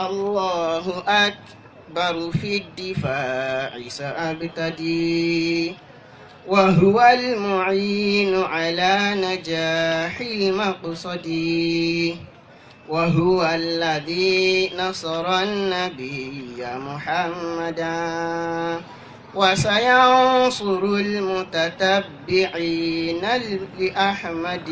الله أكبر في الدفاع سأبتدي وهو المعين على نجاح المقصد وهو الذي نصر النبي محمدا وسينصر المتتبعين لأحمد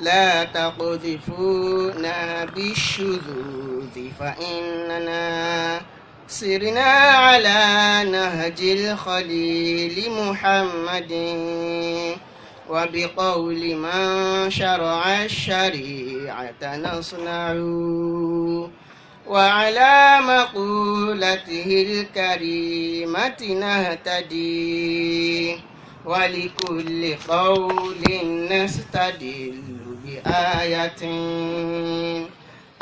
لا تقذفونا بالشذوذ فإننا سرنا على نهج الخليل محمد وبقول من شرع الشريعة نصنع وعلى مقولته الكريمة نهتدي ولكل قول نستدل بآية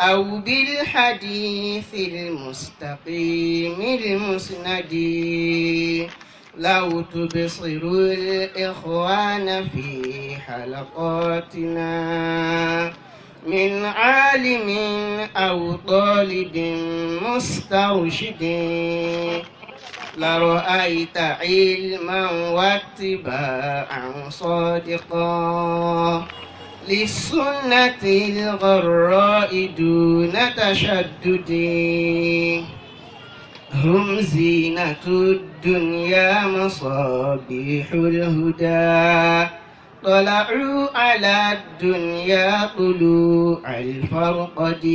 أو بالحديث المستقيم المسند لو تبصروا الإخوان في حلقاتنا من عالم أو طالب مسترشد لرأيت علما واتباعا صادقا للسنة الغراء دون تشدد هم زينة الدنيا مصابيح الهدى طلعوا على الدنيا طلوع الفرقد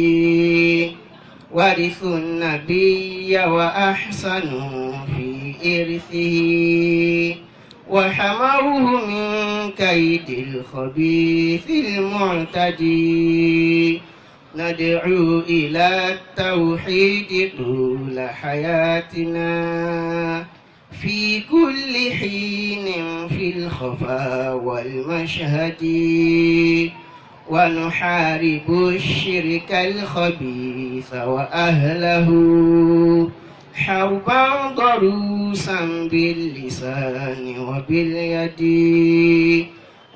ورثوا النبي وأحسنوا في إرثه وحموه من كيد الخبيث المعتدي ندعو إلى التوحيد طول حياتنا في كل حين في الخفا والمشهد ونحارب الشرك الخبيث وأهله حربا ضروسا باللسان وباليد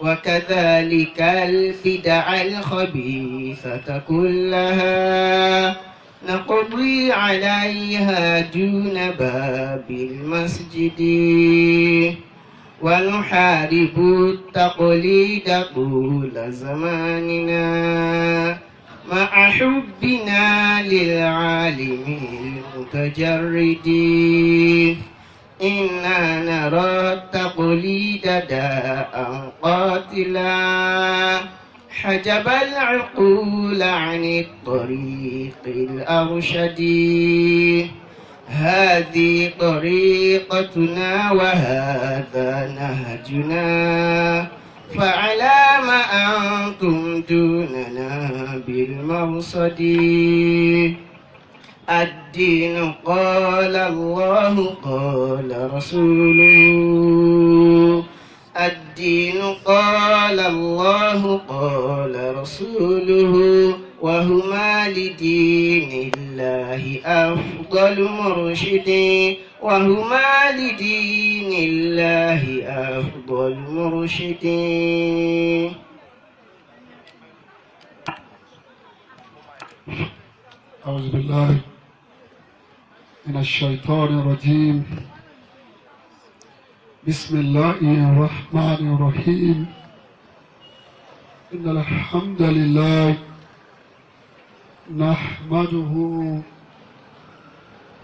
وكذلك الفدع الخبيثة كلها نقضي عليها دون باب المسجد ونحارب التقليد طول زماننا مع حبنا للعالم المتجردين إنا نرى التقليد داء قاتلا حجب العقول عن الطريق الأرشد هذه طريقتنا وهذا نهجنا فعلى ما أنتم دوننا بالمرصد الدين قال الله قال رسوله الدين قال الله قال رسوله وهما لدين الله أفضل مرشدين وهما لدين الله أفضل مرشدين أعوذ بالله من الشيطان الرجيم بسم الله الرحمن الرحيم إن الحمد لله نحمده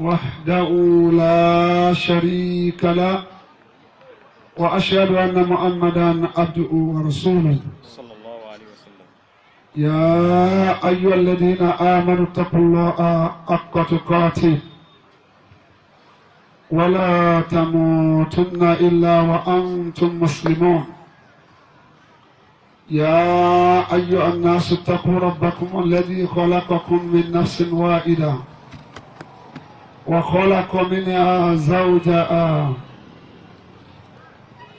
وحده لا شريك له وأشهد أن محمدا عبده ورسوله صلى الله عليه وسلم يا أيها الذين آمنوا اتقوا الله حق تقاته ولا تموتن إلا وأنتم مسلمون يا أيها الناس اتقوا ربكم الذي خلقكم من نفس واحده وخلق منها زوجها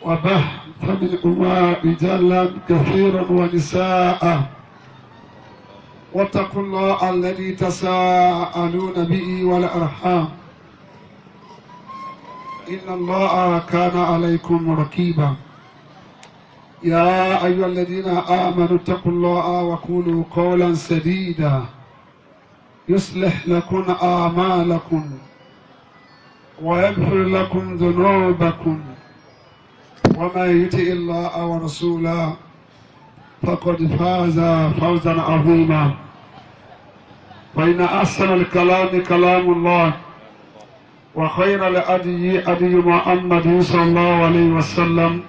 وبحث منهما رجالا كثيرا ونساء واتقوا الله الذي تساءلون به والارحام إن الله كان عليكم رقيبا يا أيها الذين آمنوا اتقوا الله وقولوا قولا سديدا يصلح لكم أعمالكم ويغفر لكم ذنوبكم ومن يطع الله ورسوله فقد فاز فوزا عظيما فإن أحسن الكلام كلام الله وخير الأدي أدي محمد صلى الله عليه وسلم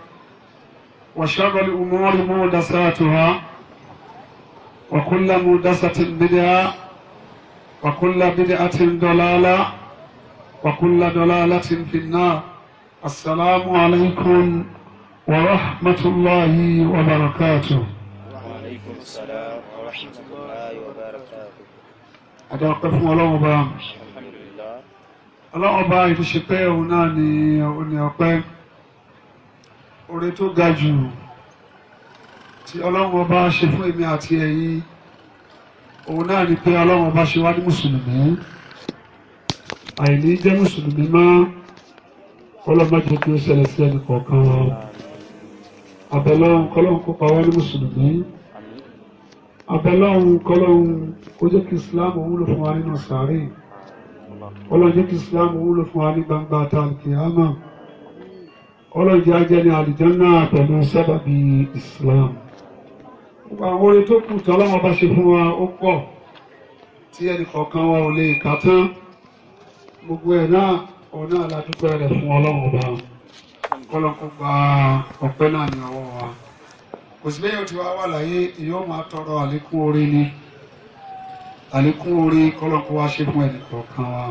وشر الأمور مودساتها وكل مودسة بدعة وكل بدعة ضلالة وكل ضلالة في النار السلام عليكم ورحمة الله وبركاته وعليكم السلام ورحمة الله وبركاته أدعوكم الله وبركاته الحمد لله الله وبركاته ìtúṣepẹ́ òun náà ni òní ọpẹ́ oore تي الله jù tí ọlọ́run ọba òun náà ni pé ọlọ́run ọba ṣe wá ní mùsùlùmí àìní jẹ́ mùsùlùmí mọ́ ọlọ́mọdé tí ó ṣẹlẹ̀ sí ẹnì kọ̀ọ̀kan abẹ́lọ́run kọ́lọ́run kó pa wá ní mùsùlùmí abẹ́lọ́run kọ́lọ́run kó jẹ́ kí islam wúlò fún wa nínú sàárè ọlọ́run jẹ́ kí islam wúlò fún wa ní gbangba tá a ọlọ́run jẹ́ ajẹ́ ní àlìjánná pẹ̀lú sábàbí islam àwọn orin tó kù tán lọ́wọ́ bá ṣe fún wa ó pọ̀ tí ẹnì kọ̀ọ̀kan wa ò lè kà tán gbogbo ẹ̀ náà òun náà la dúpẹ́ rẹ̀ fún ọlọ́run ọba kọ́lọ́kọ́ gba ọpẹ́ náà ní ọwọ́ wa kò sí lẹ́yìn tí wàá wà láyé èyí máa tọrọ àlékún orin ni àlékún orin kọ́lọ́kọ́ wa ṣe fún ẹnì kọ̀ọ̀kan wa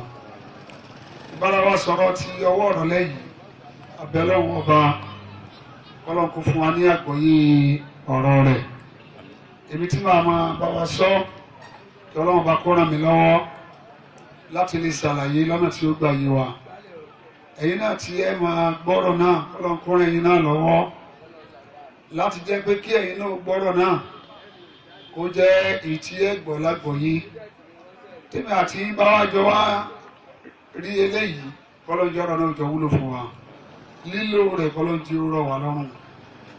ìbára sọ̀rọ̀ ti ọwọ́ ọ̀rọ̀ lẹ́yìn abẹ́lẹ́wọ̀n ọba kọ́lọ́kọ́ fún wa ní àgbọ́yé ọ̀rọ̀ rẹ̀ èmi tí màá máa bá wa sọ kí ọlọ́run bá kó ràn mí lọ́wọ́ láti lè ṣàlàyé lọ́nà tí ó gbà yé wa ẹ̀yin náà tí ẹ máa gbọ́rọ̀ náà ọlọ́run kó ràn yín náà lọ́wọ́ láti jẹ́ pé kí ẹ̀yin náà gbọ́rọ̀ náà kó jẹ́ ìtí ẹ gbọ́ lágbọ̀ yín tèmi àti báwájọ wá rí eléyìí kọ́lọ́njọ́ ọ̀rọ̀ náà jọ wúlò fún wa lílo rẹ̀ kọ́lọ́njọ́ rọ̀ wá lọ́rùn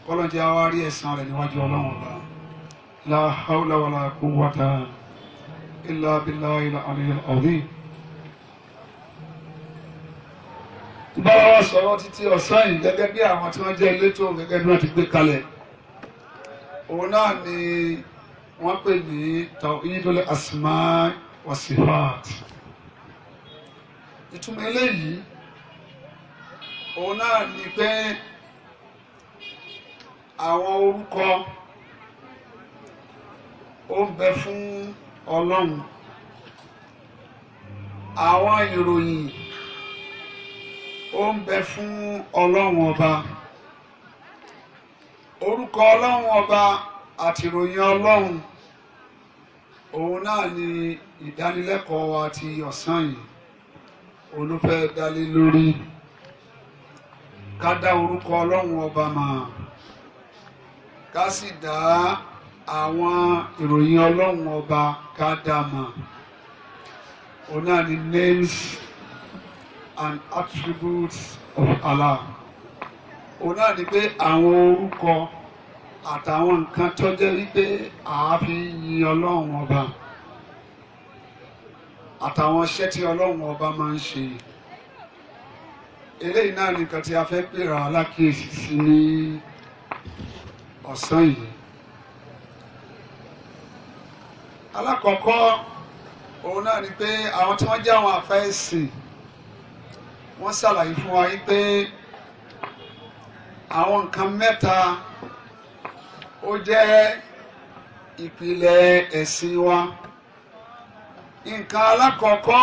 kọ́lọ́njọ́ àwa rí ẹ̀san rẹ̀ níwájú ọlọ́run ọba. لا حول ولا قوة إلا بالله العلي العظيم báwa sọ̀rọ̀ títí ọ̀sán yìí gẹ́gẹ́ bí àwọn tí wọ́n jẹ́ elétò gẹ́gẹ́ bí wọ́n ti gbé kalẹ̀ òun náà ni wọ́n pè ní tawhidul asma wa sifat ìtumọ̀ eléyìí òun náà ni pé àwọn orúkọ ó ń bẹ fún ọlọ́run àwọn ìròyìn ó ń bẹ fún ọlọ́run ọba orúkọ ọlọ́run ọba àti ìròyìn ọlọ́run òun náà ni ìdánilẹ́kọ̀ọ́ wa ti ọ̀sán yìí olùfẹ́ dálé lórí ká dá orúkọ ọlọ́run ọba mà ká sì dá àwọn ìròyìn ọlọ́run ọba ká dámọ̀ names and attributes of Allah òun náà ni pé àwọn orúkọ àtàwọn nǹkan tó jẹ́ wípé àáfi yin ọlọ́run ọba àtàwọn iṣẹ́ tí ọlọ́run ọba máa ń ṣe eléyìí náà nìkan tí a fẹ́ pèrà alákìísí sí ní ọ̀sán yìí alákọ̀ọ́kọ́ òun náà ni pé àwọn tí wọ́n jẹ́ àwọn àfẹ́sìn wọ́n ṣàlàyé fún wa pé àwọn nǹkan mẹ́ta ó jẹ́ ìpìlẹ̀ ẹ̀sìn wa nǹkan alákọ̀ọ́kọ́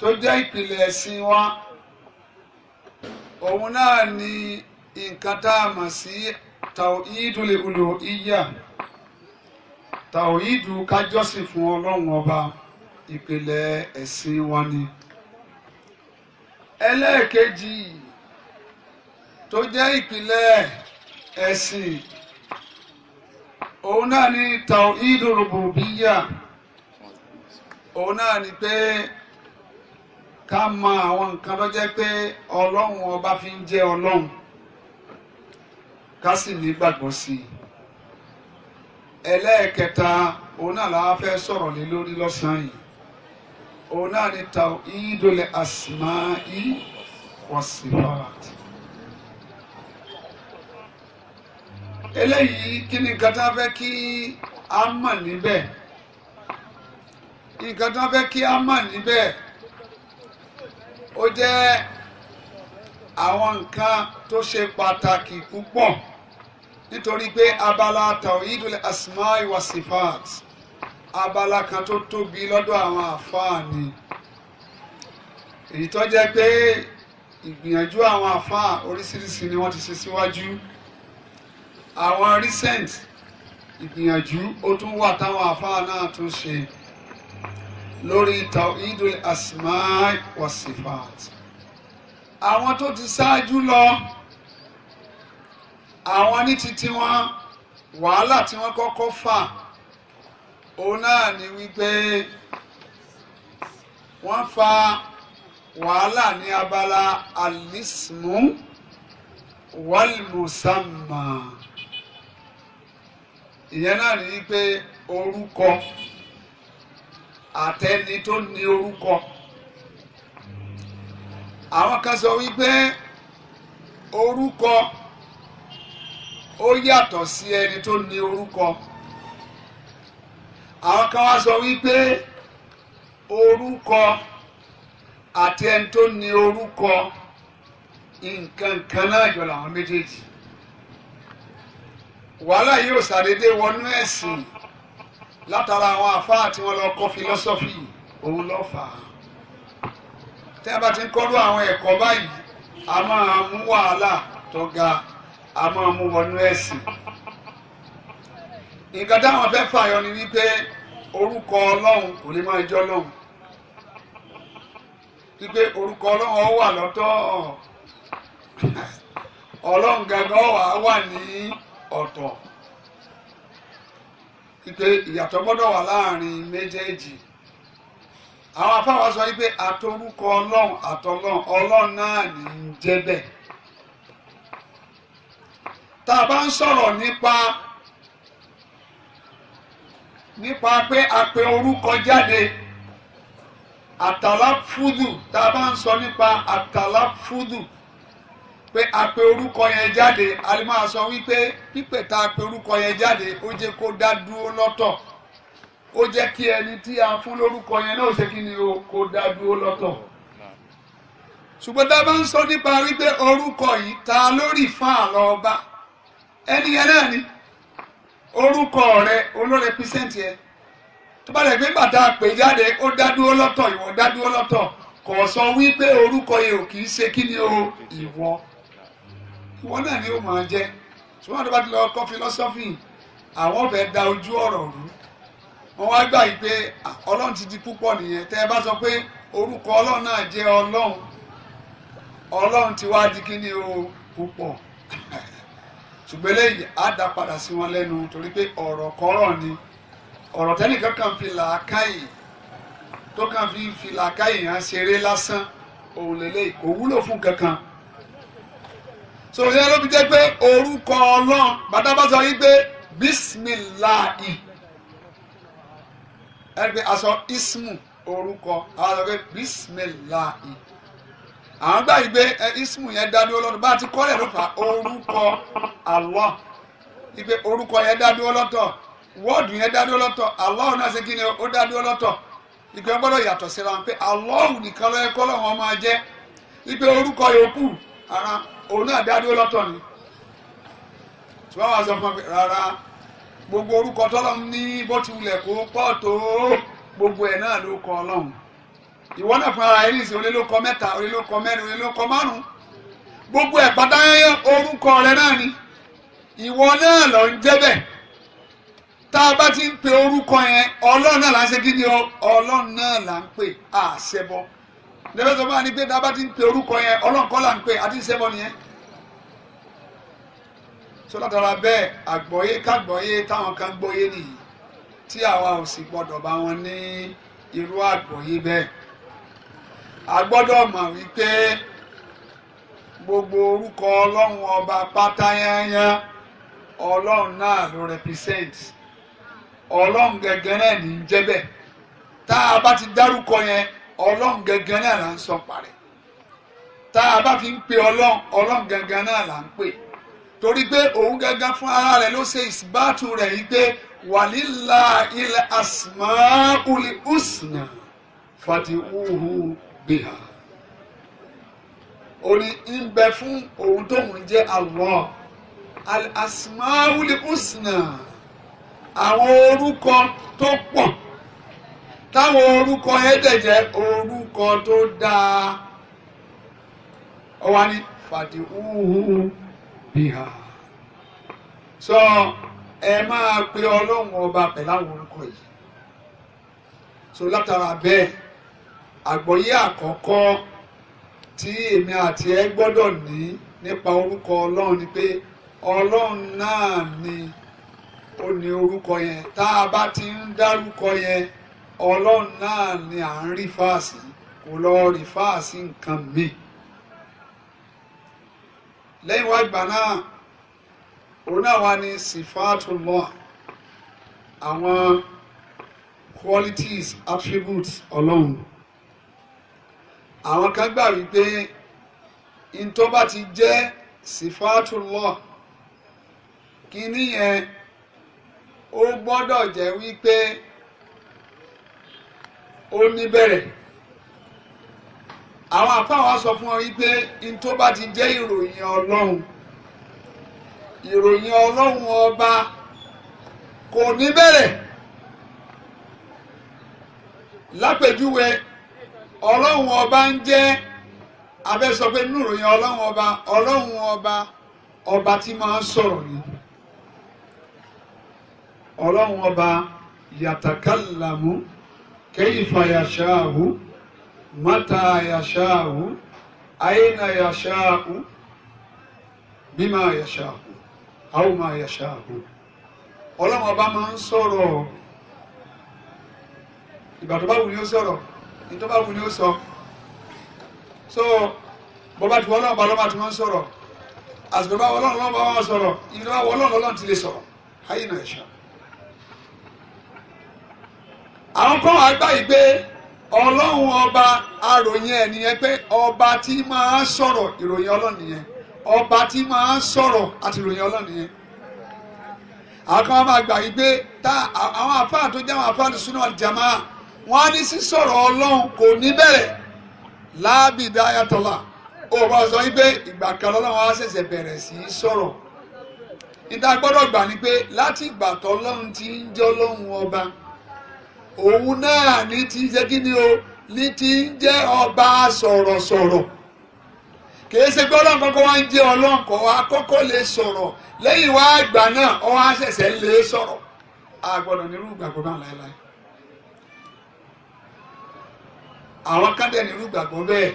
tó jẹ́ ìpìlẹ̀ ẹ̀sìn wa òun náà ni nǹkan tá a mọ̀ sí tauhidul uluhiyya. ta tàwíìdù kájọ́sìn fún ọlọ́run ọba ìpìlẹ̀ ẹ̀sìn wọn ni ẹlẹ́ẹ̀kejì tó jẹ́ ìpìlẹ̀ ẹ̀sìn òun náà ni tàwíìdù rùbùbíyà òun náà ni pé ká mọ àwọn nǹkan tó pé ọlọ́run ọba fi ń jẹ́ ọlọ́run ká sì ní gbàgbọ́ sí i. ẹlẹ́ẹ̀kẹta òun náà la fẹ́ sọ̀rọ̀ lé lórí lọ́sàn-án yìí òun náà ni tawhidul asma'i wasifat. eléyìí kí ni nǹkan tá a fẹ́ kí a mọ̀ níbẹ̀ nǹkan tá a fẹ́ kí a mọ̀ níbẹ̀ ó jẹ́ àwọn nǹkan tó ṣe pàtàkì púpọ̀ nítorí pé abala tawhidul asma'i wa sifat abala kan tó tóbi lọ́dọ̀ àwọn àfáà ni èyí tó jẹ́ pé ìgbìyànjú àwọn àfáà oríṣiríṣi ni wọ́n ti ṣe síwájú àwọn recent ìgbìyànjú ó tún wà táwọn àfáà náà tún ṣe lórí tawhidul asma'i wa sifat àwọn tó ti ṣáájú lọ àwọn ní titi wọn wàhálà tí wọ́n kọ́kọ́ fà òun náà ni wípé wọ́n fa wàhálà ní abala alismu wàlmùsàmà ìyẹn náà ni wípé orúkọ àtẹni tó ní orúkọ àwọn kan sọ wípé orúkọ ó yàtọ̀ sí ẹni tó ní orúkọ àwọn kan wá sọ wípé orúkọ àti ẹni tó ní orúkọ nǹkan kan náà jọ làwọn méjèèjì wàhálà yìí ò ṣàdédé wọnú ẹ̀sìn látara àwọn àfáà tí wọ́n lọ kọ́ fílọ́sọ́fì òun ló fà á tẹ́ bá ti ń kọ́rú àwọn ẹ̀kọ́ báyìí a máa mú wàhálà tó ga. a máa mú wọnú ẹ̀sìn nǹkan táwọn fẹ́ fààyàn ni wípé orúkọ ọlọ́run kò lè máa jọ lọ́hùn wípé orúkọ ọlọ́run wà lọ́tọ̀ ọlọ́run gangan wà wà ní ọ̀tọ̀ wípé ìyàtọ̀ gbọ́dọ̀ wà láàrin méjèèjì àwọn sọ wípé ọlọ́run ọlọ́run náà tá a bá ń sọ̀rọ̀ nípa nípa pé a pe orúkọ jáde àtàlà fúdù tá a bá ń sọ nípa àtàlà fúdù pé a pe orúkọ yẹn jáde a lè máa sọ wípé pípẹ́ tá a pe orúkọ yẹn jáde ó jẹ́ kó dá dúró lọ́tọ̀ ó jẹ́ kí ẹni tí a fún lórúkọ yẹn náà ṣe kí ni o kó dá dúró lọ́tọ̀ ṣùgbọ́n tá a bá ń sọ nípa wípé orúkọ yìí ta lórí fáà lọ́ọ́ ẹnìyẹn náà ni orúkọ rẹ olóore písẹ́ǹtì ẹ tó bá rẹ̀ gbégbà tá a pè jáde ó dádúró lọ́tọ̀ ìwọ dádúró lọ́tọ̀ kò sọ wípé orúkọ yìí ò kì í kí ni o ìwọ ìwọ náà ni ó máa jẹ tó da ojú ọ̀rọ̀ rú Wọn wá gbà yìí ti di púpọ̀ nìyẹn tẹ́ ẹ bá sọ pé orúkọ ọlọ́run náà jẹ́ ọlọ́run ọlọ́run ti wá di o púpọ̀ ṣùgbọ́n eléyìí á dá padà sí wọn lẹ́nu torí pé ọ̀rọ̀ kọ́rọ̀ ni ọ̀rọ̀ tẹ́nìkan kan fi làákàyè tó kàn fi fi làákàyè hàn ṣeré lásán òun lélẹ́yìí kò wúlò fún kankan sọ̀rọ̀ yẹn ló fi jẹ́ pé orúkọ ọlọ́run bàtà bá sọ yìí pé bísmìláì ẹni pé aṣọ ismu orúkọ àwọn sọ pé bísmìláì àwọn gbà yìí pé ismu yẹn dá dúró lọ́dọ̀ bá a ti kọ́lẹ̀ ló fà orúkọ Allah ipe orúkọ yẹn dá dúró lọ́tọ̀ wọ́ọ̀dù yẹn dá dúró lọ́tọ̀ Allah náà ṣe kí ni ó dá dúró lọ́tọ̀ ipe gbọ́dọ̀ yàtọ̀ síra wọn pé Allah nìkan ló yẹ kọ́ lọ́wọ́ máa jẹ́ ipe orúkọ yòókù ara òun náà dá dúró lọ́tọ̀ ni tí wọ́n wá sọ fún mi rárá gbogbo orúkọ tọ́lọ́ ní bó ti wulẹ̀ kó pọ̀ tó gbogbo ẹ̀ náà ló kọ ọlọ́run ìwọ náà fúnra rẹ nìsín onílòkọ mẹ́ta onílòkọ mẹ́rin onílòkọ márùn gbogbo ẹ̀ pátáyányá orúkọ rẹ náà ni ìwọ náà lọ ń jẹ́ bẹ́ẹ̀ tá a bá ti ń pe orúkọ yẹn ọlọ́run náà là ń ṣe kí ni ọlọ́run náà là ń pè àṣẹbọ lẹ́fẹ̀ẹ́ sọ fún wa ni pé tá a bá ti ń pe orúkọ yẹn ọlọ́run kọ́ là ń pè àti ìṣẹ́bọ nìyẹn tó látara bẹ́ẹ̀ àgbọ̀yé kágbọ̀yé táwọn kan gbọ́yé nìyí tí àwa ò sì gbọ́dọ̀ bá wọn ní irú àgbọ̀yé bẹ́ẹ̀ a gbọ́dọ̀ mọ̀ wípé gbogbo orúkọ ọlọ́run ọba pátáyányá ọlọ́run náà ló represent ọlọ́run gẹ́gẹ́ náà ní í jẹ́bẹ̀ tá a bá ti dárúkọ yẹn ọlọ́run gẹ́gẹ́ náà là ń sọ parẹ́ tá a bá fi ń pe ọlọ́run ọlọ́run gẹ́gẹ́ náà là ń pè torí pé òun gẹ́gẹ́ fún ara rẹ̀ ló ṣe ìsìbátu rẹ̀ yìí pé wàlílà ilẹ̀ asmaul husna fatihuhu bíhà orí ń bẹ fún òun tóun jẹ́ Allah al-asmaul husna àwọn orúkọ tó pọ̀ táwọn orúkọ yẹn dẹ̀ jẹ́ orúkọ tó dáa ọwọ́ ni fàdíhùhù bíhà sọ ẹ máa pe ọlọ́run ọba pẹ̀láwọn orúkọ yìí so látara bẹ́ẹ̀ àgbọ́yé àkọ́kọ́ tí èmi àti ẹ gbọ́dọ̀ ní nípa orúkọ ọlọ́run ni pé ọlọ́run náà ni ó ní orúkọ yẹn tá a bá ti ń dárúkọ yẹn ọlọ́run náà ni à ń rí fáàsì kò lọ rí fáàsì nǹkan míì lẹ́yìn wá gbà náà òun náà wá ní sifatullah àwọn qualities attributes ọlọ́run àwọn kan gbà wípé ntọ́ bá ti jẹ́ sifatullah kínní yẹn ó gbọ́dọ̀ jẹ́ wípé ó ní bẹ̀rẹ̀ àwọn àfáà wa sọ fún ọ wípé ntọ́ bá ti jẹ́ ìròyìn ọlọ́run ìròyìn ọlọ́run ọba kò ní bẹ̀rẹ̀ lápèjúwe ọlọ́run ọba ń jẹ́ abẹ́sọ pé nínú ìròyìn ọlọ́run ọba ọlọ́run ọba ọba tí máa ń sọ̀rọ̀ ni ọlọ́run ọba yàtàkàlàmú kayfa yasha'u mata yasha'u aina yasha'u bima yasha'u aw ma ọlọ́run ọba máa ń sọ̀rọ̀ ìgbà tó bá wù ní ó sọ̀rọ̀ nítorí bá wù ni sọ so bọ́lá tí wọ́n náà bá lọ́ba tí wọ́n sọ̀rọ̀ àsìkò bá wọlọ́run lọ́ba wọn sọ̀rọ̀ ibi tó bá wọlọ́run lọ́lọ́run ti lè sọ̀rọ̀ ayé náà ṣá. àwọn kan wàá gbá yìí pé ọlọ́run ọba àròyìn ẹ̀ nìyẹn pé ọba tí máa ń sọ̀rọ̀ ìròyìn ọlọ́run nìyẹn ọba tí máa ń sọ̀rọ̀ àti ìròyìn ọlọ́run nìyẹn. àwọn kan máa gbà yìí pé tá àwọn àfáà tó jẹ́ àwọn àfáà tó súná jàmáà wọ́n á ní sísọ̀rọ̀ ọlọ́run kò ní bẹ̀rẹ̀ láàbìdá ayatollah ó bá sọ wípé ìgbà kan lọ́lọ́run á ṣẹ̀ṣẹ̀ bẹ̀rẹ̀ sí í sọ̀rọ̀ níta gbọ́dọ̀ gbà ní pé láti ìgbà tọ́lọ́run ti ń jẹ́ ọlọ́run ọba òun náà ní ti ṣe kí ni o ní ti ń jẹ́ ọba sọ̀rọ̀sọ̀rọ̀ kìí ṣe pé ọlọ́run kọ́kọ́ wá ń jẹ́ wa kọ́kọ́ lè sọ̀rọ̀ lẹ́yìn wá àgbà náà ọ wá ṣẹ̀ṣẹ̀ lè sọ̀rọ̀ àgbọ̀dọ̀ nírú ìgbàgbọ́ náà láéláé àwọn kan dẹ̀ nírú gbàgbọ́ bẹ́ẹ̀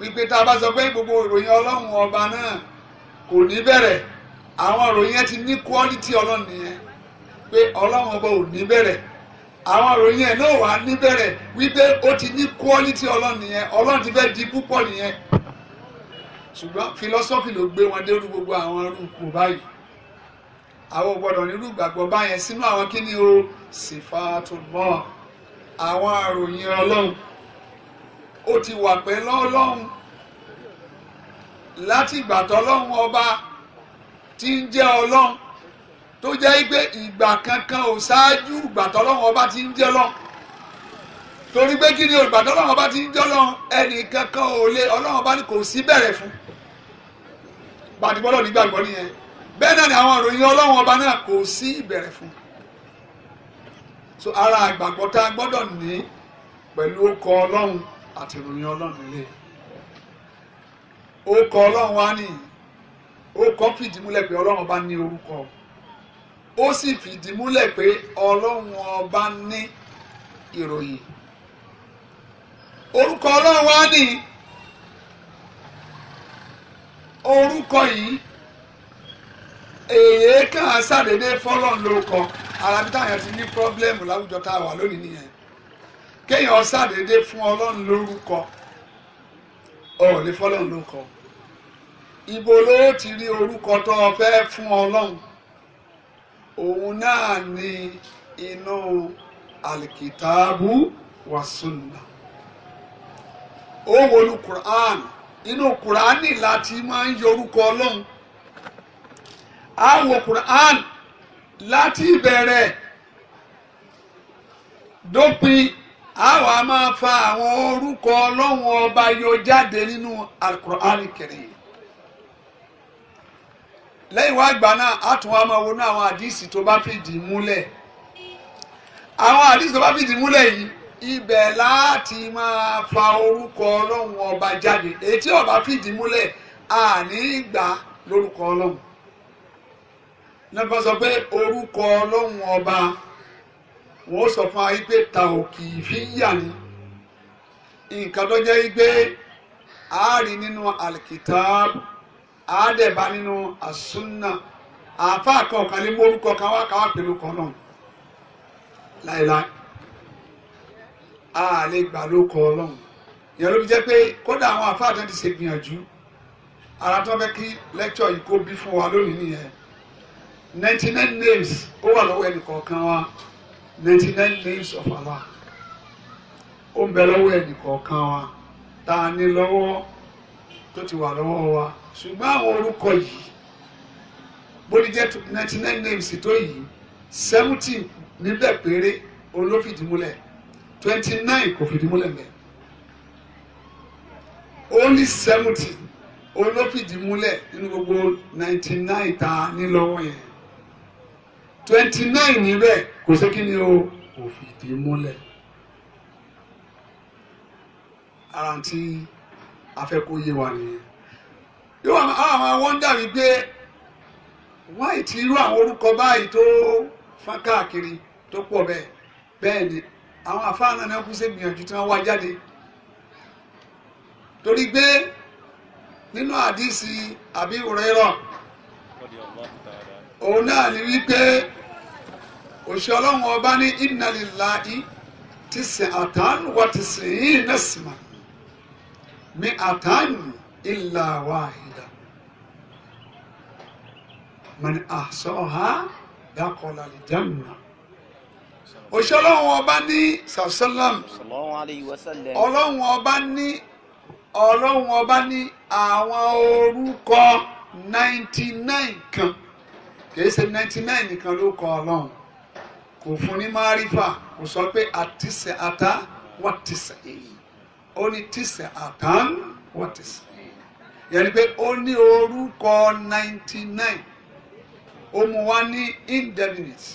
wípé tá a bá sọ pé gbogbo ìròyìn ọlọ́run ọba náà kò ní bẹ̀rẹ̀ àwọn ìròyìn yẹn ti ní quality ọlọ́run nìyẹn pé ọlọ́run ọba ò ní bẹ̀rẹ̀ àwọn ìròyìn yẹn náà wà ní bẹ̀rẹ̀ wípé ó ti ní quality ọlọ́run nìyẹn ọlọ́run ti fẹ́ di púpọ̀ nìyẹn ṣùgbọ́n philosophy ló gbé wọn dérú gbogbo àwọn irúkù báyìí àwọn ò gbọ́dọ̀ nírú gbàgbọ́ báyẹn sínú àwọn kíní o sì fa tó mọ́ ọ àwọn àròyìn ọlọ́run ó ti wà pẹ̀lú ọlọ́run láti ìgbà tọ́lọ́run ọba ti ń jẹ́ ọlọ́run tó jẹ́ pé ìgbà kankan ò ṣáájú ìgbà tọ́lọ́run ọba ti ń jẹ́ ọlọ́run torí pé kí ni ìgbà tọ́lọ́run ọba ti ń jẹ́ ọlọ́run ẹnì kankan ò lè ọlọ́run ọba ni kò sí bẹ̀rẹ̀ fún bàtìbọ́lọ́ nígbàgbọ́ nìyẹn bẹ́ẹ̀ náà ni àwọn ìròyìn ọlọ́run ọba náà kò sí ìbẹ̀rẹ̀ fún un so ara àgbàgbọ́ tá a gbọ́dọ̀ ní pẹ̀lú okọ ọlọ́run àti ìròyìn ọlọ́run nílé okọ ọlọ́run wa ní okọ fìdí múlẹ̀ pé ọlọ́run ọba ní orúkọ ó sì fìdí múlẹ̀ pé ọlọ́run ọba ní ìròyìn orúkọ ọlọ́run wa ní orúkọ yìí èyí kan ṣàdédé fọlọ́n ló ara bí táwọn ti ní pọ́blẹ́mù láwùjọ tá a wà lónìí nìyẹn kéèyàn ṣàdédé fún ọlọ́run lórúkọ ò lè fọlọ́run lórúkọ ibo ló ti rí orúkọ tó o fẹ́ fún ọlọ́run òun náà ni inú alikitaabu wa sunna ó wọnú quran inú quran láti máa ń yọ orúkọ ọlọ́run á wọ quran láti ìbẹ̀rẹ̀ dópin àwa máa fa àwọn orúkọ ọlọ́run ọba yọ jáde nínú alukur'ani kẹrin lẹ́yìn wá gbà náà a tún wá máa wọnú àwọn àdìsí tó bá fìdí múlẹ̀ àwọn àdìsí tó bá fìdí múlẹ̀ yìí ibẹ̀ láti máa fa orúkọ ọlọ́run ọba jáde èyí tí ọba fìdí múlẹ̀ àní gbà lórúkọ ọlọ́run. nígbà sọ pé orúkọ ọlọ́run ọba wọ́n sọ fún pé ta ò fi yà ni nǹkan tó jẹ́ pé a nínú alikitab a nínú asunna àáfàá ní orúkọ kan wá náà láéláé a lè gbà lóko ọlọ́run ìyẹn ló fi jẹ́ pé kódà àwọn ti ṣe gbìyànjú ara tó wa lónìí nìyẹn. ninety nine names ó wà lọ́wọ́ ẹnì kọ̀ọ̀kan wa ninety nine names of Allah ó ń bẹ lọ́wọ́ ẹnì kọ̀ọ̀kan wa tá a ní lọ́wọ́ tó ti wà lọ́wọ́ wa ṣùgbọ́n àwọn orúkọ yìí bó ti jẹ́ ninety nine names tó yìí seventy níbẹ̀ péré òun ló fìdí múlẹ̀ twenty nine kò fìdí mẹ́ only seventy òun ló fìdí múlẹ̀ nínú gbogbo ninety nine tá a lọ́wọ́ yẹn twenty nine níbẹ̀ kò sí kí ni o kò fìdí múlẹ̀ ara tí a fẹ́ kó yé wa nìyẹn yóò àwọn máa wọ́ndà wípé wáyé tí irú àwọn orúkọ báyìí tó fán káàkiri tó pọ̀ bẹ́ẹ̀ bẹ́ẹ̀ ni àwọn àfáàná náà kú sí gbìyànjú tí wọ́n wá jáde torí gbé nínú àdìsí àbí òrẹ́rọ̀ òun náà ni wípé òṣìṣẹ́ ọlọ́run ọba ní ìnàlélàí ti sìn àtàn wà ti sìn yìí nẹ́sìmà mi àtàn ìlà wàhídà mọ̀ni àṣọ̀há dákọ̀lá lè jẹ́mìnà. òṣìṣẹ́ ọlọ́run ọba ní sàṣẹ́lám ọlọ́run ọba ní ọlọ́run ọba ní àwọn orúkọ ninety kan kìí ṣe ninety nine nìkan ló kọ ọlọ́run kò fún ní márífà kò sọ pé àtìsẹ̀ àtà wọ́n ti sẹ̀ èyí ó ní tìsẹ̀ àtàn wọ́n ti èyí yẹn pé ó ní orúkọ ninety nine ó mú wá ní indefinite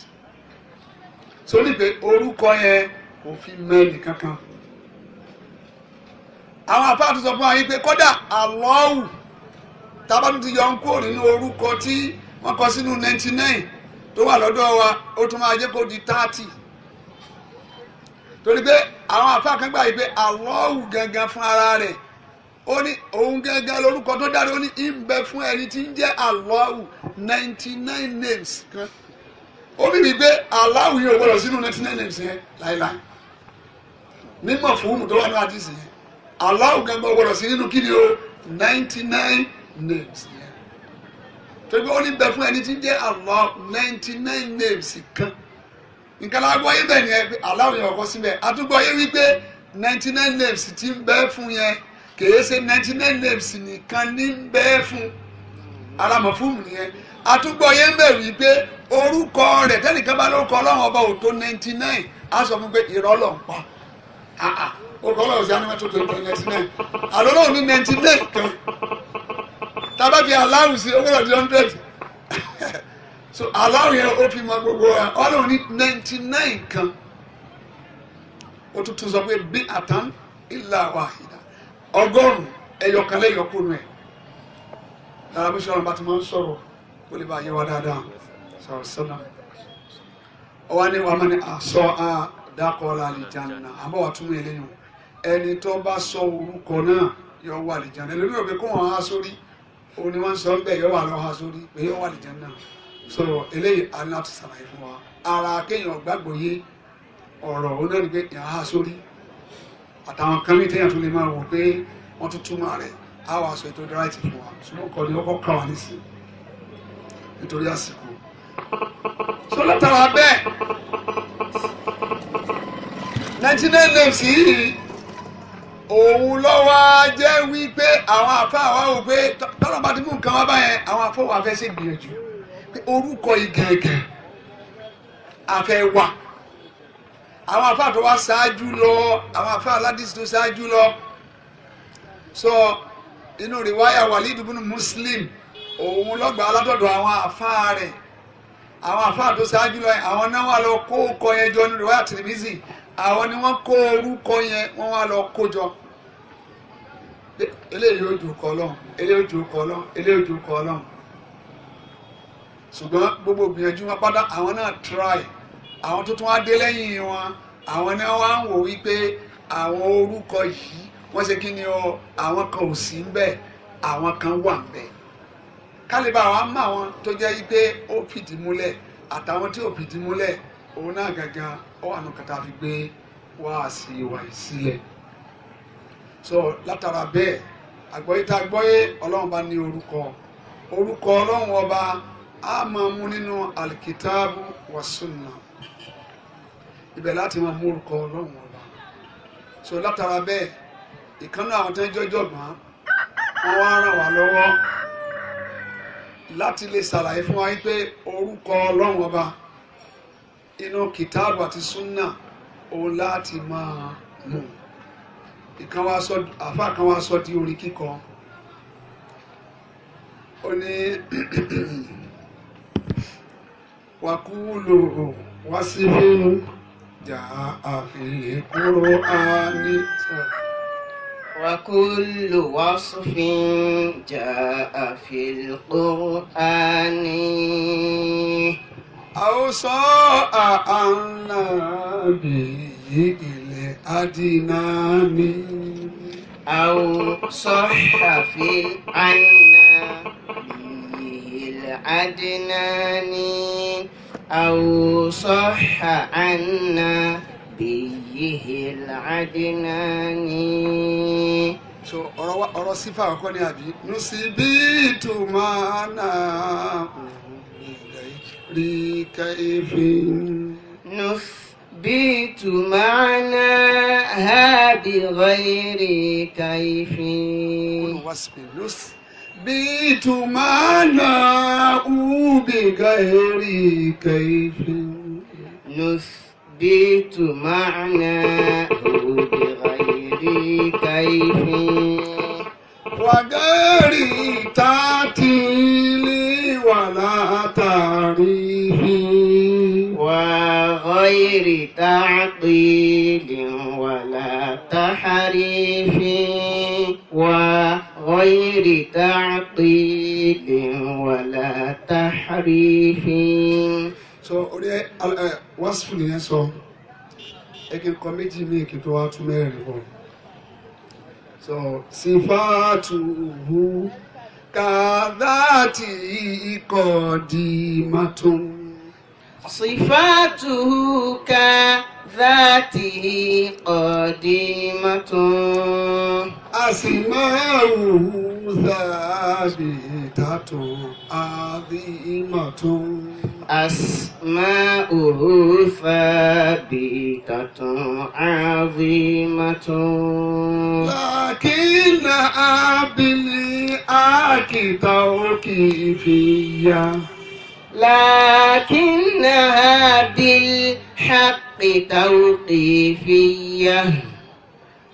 sórí pé orúkọ yẹn kò fi mẹ́ẹ̀lì kankan àwọn afáàtúnṣe fún wa yìí pé kódà àlọ́ọ̀wù tábàtú ti yọ ń kúrò nínú orúkọ tí wọ́n kọ sínú ninety nine tó wà lọ́dọ̀ wa ó tún máa jẹ́ kó di thirty torí pé àwọn àfa kan gbà yìí pé àlọ́ọ̀hù gangan fún ara rẹ̀ ó ní òun gangan lórúkọ tó dára ó ní ìbẹ fún ẹni tí ń jẹ́ àlọ́ọ̀hù ninety nine names kan ó bí wí pé aláwù yìí ò gbọdọ̀ sínú ninety nine names yẹn láìláì mímọ̀ fún tó wà ní àdìsí yẹn aláwù gangan ò gbọdọ̀ sí nínú kí ni o ninety nine names yẹn torí pé ó ní bẹ fún ẹni tí ń jẹ́ Allah ninety nine names kan nǹkan lágbọ́ yín bẹ̀ ni ẹ aláwọ̀ yẹn ọkọ síbẹ̀ àtúgbọ́ yín wípé ninety nine names ti ń bẹ fún yẹn kèé ṣe ninety nine names nìkan ní ń bẹ fún aramọ̀ fún nìyẹn àtúgbọ́ yẹn bẹ̀ wípé orúkọ rẹ̀ tẹ́nìkan bá lórúkọ ọlọ́run ọba ò tó ninety nine á sọ fún pé ìrọ́lọ̀ ń pa orúkọ ọlọ́run ṣe á ní wọ́n tó ninety nine àlọ́ lóun ní ninety nine kan tábà ti aláwù sí ó gbọ́dọ̀ di hundred so aláwù yẹn ó fi mọ gbogbo wa ọlọ́run ní ninety nine kan ó tún tún sọ pé bí àtàn ìlà wàhídà ọgọ́rùn ẹyọ kan lẹ́yọ kúnú ẹ̀ lára bí sọ̀rọ̀ bá ti máa ń sọ̀rọ̀ kó lè bá yé wa dáadáa sọ̀rọ̀ sọ́nà ọwọ́ ni wàá máa ní àsọ àdàkọ̀ọ́lá àlìjáde náà àbọ̀ wàá túmọ̀ eléyìí ẹni tó bá sọ orúkọ náà yọ wà àlìjáde lórí òbí kó wọn á sórí òun ni wọ́n sọ ń bẹ̀ yọ wà lọ́wọ́ sórí pé yọ wà lè jẹun náà so eléyìí aná ti sàlàyé fún wa ara kéèyàn gbàgbọ́ yé ọ̀rọ̀ òun náà ni pé yàn á sórí àtàwọn kan ní téèyàn tún lè máa wò pé wọ́n tún túmọ̀ rẹ̀ á wà sọ ètò ìdárayá ti fún wa ṣùgbọ́n kọ́ ni ó kàn wá nísìnyí nítorí àsìkò so látara bẹ́ẹ̀ ninety nine names yìí òun ló wá jẹ́ wípé àwọn àfáà wá wò pé tọ́lọ́ bá ti mú nǹkan wá báyẹn àwọn àfáà wà fẹ́ ṣe gbìyànjú pé orúkọ ìgẹ̀gẹ̀ àfẹ́ wà àwọn àfáà tó wá ṣáájú lọ àwọn àfáà aládìsí tó ṣáájú lọ sọ inú rìwáyà Walid ibn Muslim òun lọ́gbà alátọ̀dọ̀ àwọn àfáà rẹ̀ àwọn àfáà tó ṣáájú lọ àwọn náà wà lọ kó kọ yẹn jọ nínú rìwáyà Tirmizi àwọn ni wọ́n kó orúkọ yẹn wọ́n wá lọ kó eléyìí ojú kọ eléyìí ojú kọ eléyìí ojú kọ lọ́hùn ṣùgbọ́n gbogbo gbìyànjú wọn pátá àwọn náà try àwọn tuntun tún wá dé lẹ́yìn wọn àwọn náà wá ń wò wípé àwọn orúkọ yìí wọ́n ṣe kí ni ọ àwọn kan ò sí ń bẹ àwọn kan wà ń bẹ kálíbà wa mọ àwọn tó jẹ́ wípé ó fìdí múlẹ̀ àtàwọn tí ò fìdí múlẹ̀ òun náà gangan ó wà nù kẹta fi gbé wáàsí wa yìí sílẹ̀ so látara bẹ́ẹ̀ àgbọ́yé tá a gbọ́yé ọlọ́run bá ní orúkọ orúkọ ọlọ́run ọba a máa mú nínú alikitaabu wa sunna ibẹ̀ láti máa mú orúkọ ọlọ́run ọba so látara bẹ́ẹ̀ ìkànnì àwọn tó ń jọjọ gbọ́n wọ́n wá ràn wá lọ́wọ́ láti lè ṣàlàyé fún wa pé orúkọ ọlọ́run ọba inú kìtáàbù àti súnà òun láti máa mú ìkan wá sọ àfa kan wá sọ di orin kíkọ ó ní wàkúùlù wàsífù jà àfihàn kúrò á ní sọ̀rọ̀. وكل وصف جاء في القرآن àwòsọ àánàbì ilẹ̀ adínàmì. àwòsọ àfi àánàbì ilẹ̀ adínàmì. àwòsọ àánàbì ilẹ̀ adínàmì. so ọ̀rọ̀ sífà àkọ́ni àbí. nusibi tùmọ̀ náà. ذكري كيف نثبت معناها بغير كيف نثبت معناه بغير كيف نثبت معناه بغير كيف وغير تاتي غير تعطيل ولا تحريف وغير تعطيل ولا تحريف so orí ẹ wáṣífù nìyẹn sọ ẹkẹ nǹkan méjì míì kí n tó wá tún mẹ́rin bọ̀ so sìfáàtùhù kàdáàtì ikọ̀ dìímàtún. صفاتك كذاته قديمة أسماؤه ثابتة عظيمة أسماؤه ثابتة عظيمة لكن أبلي أكتر فيها. لكنها بالحق توقيفية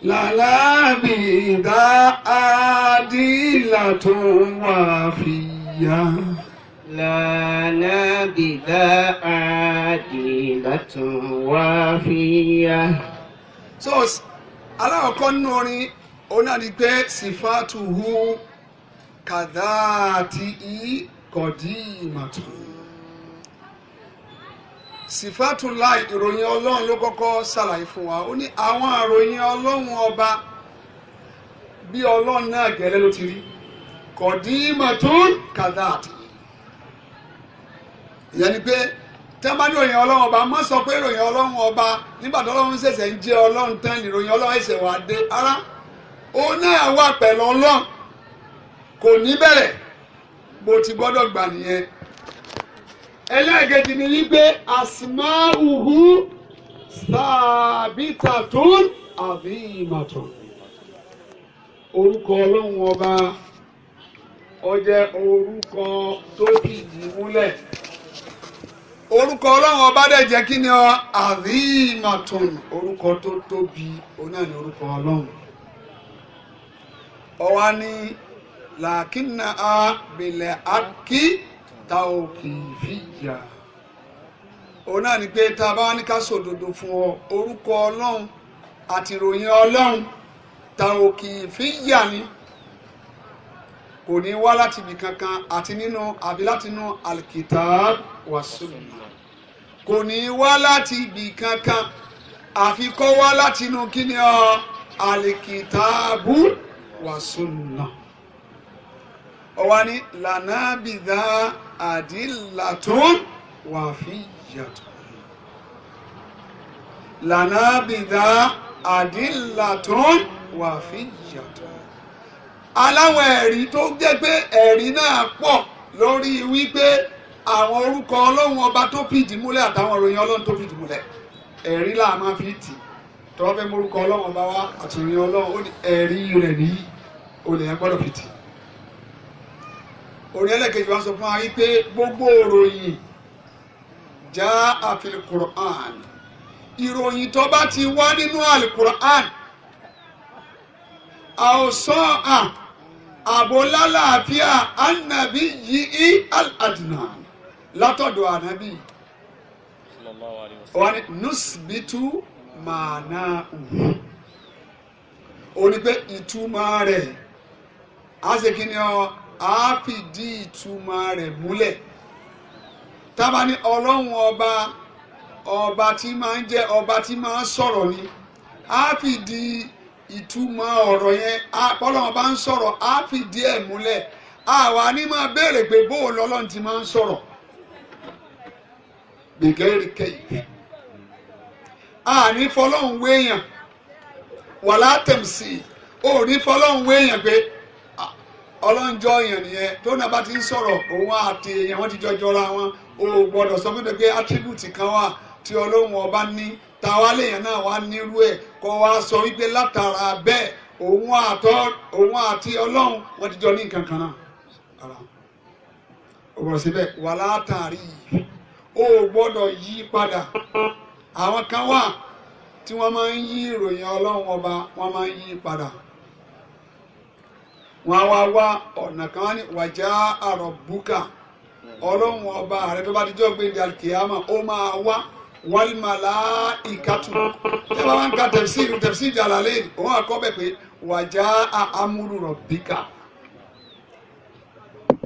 للا بدا عادلة وفية لنا بدا عادلة وفية so aláwọ̀kọ́ nínú orin òun náà ni pé sifatuhu kàdáàtì ìkọ̀dí ìmàtún sifatula ìròyìn ọlọ́run ló kọ́kọ́ ṣàlàyé fún wa ó ní àwọn ìròyìn ọlọ́run ọba bí ọlọ́run náà gẹ́lẹ́ ló ti rí kọ̀dímọ̀tún kàdáàtì ìyẹn ni pé tẹ́ bá ní ìròyìn ọlọ́run ọba má sọ pé ìròyìn ọlọ́run ọba nígbà tó ọlọ́run ṣẹ̀ṣẹ̀ ń jẹ́ ọlọ́run tán ìròyìn ọlọ́run ẹ̀ṣẹ̀ wà dé ara òun náà wà pẹ̀lú ọlọ́run kò ní bẹ̀rẹ̀ bó ti gbọ́dọ̀ gbà nìyẹn ẹlẹ́gẹ̀dì ni wípé àsìmá uhu sàbítàtún àbímàtún orúkọ ọlọ́run ọba ó orúkọ tó fìdí múlẹ̀ orúkọ ọlọ́run ọba dẹ̀ jẹ́ kí ni ọ àríìmàtún orúkọ tó tóbi òun náà orúkọ ọlọ́run ọwa ni làákínà á bìlẹ̀ á kí. tàòkìfìyà òun náà ni pé tá a bá wá ní ká sòdodo fún ọ orúkọ ọlọ́run àti ìròyìn ọlọ́run tàòkìfìyà ni kò ní wá láti ibì kankan àti nínú àbí láti inú alkitab wa sunna kò ní wá láti ibì kankan àfi kó wá láti inú kí ọ alikitaabu wa sunna ọwá ní lànàbìdá àdìlàtún wàfíyàtún lànàbìdá àdìlàtún wàfíyàtún aláwọ̀ ẹ̀rí tó jẹ́ pé ẹ̀rí náà pọ̀ lórí wípé àwọn orúkọ ọlọ́run ọba tó fìdí múlẹ̀ àtàwọn ìròyìn ọlọ́run tó fìdí múlẹ̀ ẹ̀rí là máa fi tì tọ́ fẹ́ morúkọ ọlọ́run ọba wa àtìrìn ọlọ́run ẹ̀rí rẹ̀ nìyí olè ẹ̀ gbọ́dọ̀ fi tì orí ẹlẹ́kejì wá sọ fún wa wípé gbogbo ìròyìn já àfihàn Qur'an ìròyìn tó bá ti wá nínú alukur'an àwòsàn à àbólálàáfíà ànàbí yìí al-adna látọ̀dọ̀ ànàbí wọ́n ní nùsbítú màánà òhù ó ìtumọ̀ rẹ̀ á ṣe kí ni ọ́. A fìdí ìtumọ̀ rẹ̀ múlẹ̀ tábà ní ọlọ́run ọba ọba tí máa ń jẹ́ ọba tí máa ń sọ̀rọ̀ ni á fìdí ìtumọ̀ ọ̀rọ̀ yẹn ọlọ́run ọba ń sọ̀rọ̀ á fìdí ẹ̀ múlẹ̀ àwa ni máa béèrè pé bóò lọ́lọ́run ti máa ń sọ̀rọ̀ gbẹ̀gẹ́rì kẹ́yìn àní fọlọ́run wéèyàn wàlá tẹ̀m̀sì òní fọlọ́run wéèyàn pé. ọlọ́njọ́ yẹn nìyẹn tó náà bá ti ń sọ̀rọ̀ òun àti èèyàn wọn ti jọjọ ra wọn o gbọ́dọ̀ sọ fún pé attribute tí ọlọ́run ọba ní táwa náà wà nírú ẹ̀ kọ́ wa sọ wípé látara bẹ́ẹ̀ òun àti ọlọ́run wọn ti jọ ní nǹkan kan náà o gbọ́dọ̀ síbẹ̀ wà látàrí o gbọ́dọ̀ yí padà àwọn kan wà tí ọba wọ́n máa ń wọ́n á wá wá ọ̀nà kan ní wàjá àrọ̀ búkà ọlọ́run ọba rẹ tó bá ti jọ́ gbé dàkíyàmà ó máa wá wàlímàlá ìkàtù tí wọ́n bá ń ka tẹ̀síìrì tẹ̀síìrì àlàlẹ́ òun àkọ́bẹ̀ pé wàjá àmúrù rọ̀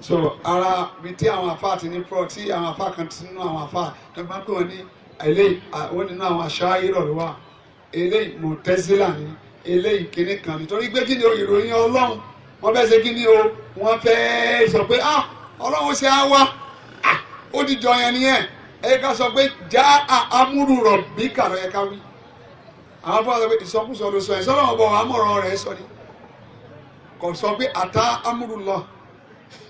so ara bíi tí àwọn afa ti ní pro tí àwọn afa kan ti nínú àwọn afa tó bá pè wọ́n ní eléyìí wọ́n nínú àwọn aṣọ ayérò rẹ wà eléyìí mọ̀tẹ́sílà ni eléyìí kíní kan nítorí gbé ìròyìn ọlọ́run wọ́n fẹ́ ṣe kí ni o wọ́n fẹ́ sọ pé ah ọlọ́run ṣe á wá ah ó ti jọ yẹn nìyẹn ẹ ká sọ pé já amúrú rọ̀ bí kàrọ̀ ẹ ká wí àwọn fún wa sọ pé ìsọkúsọ ló sọ ẹ sọ lọ́wọ́ bọ̀ àmọ̀ràn rẹ̀ sọ ni kò sọ pé àtà amúrú lọ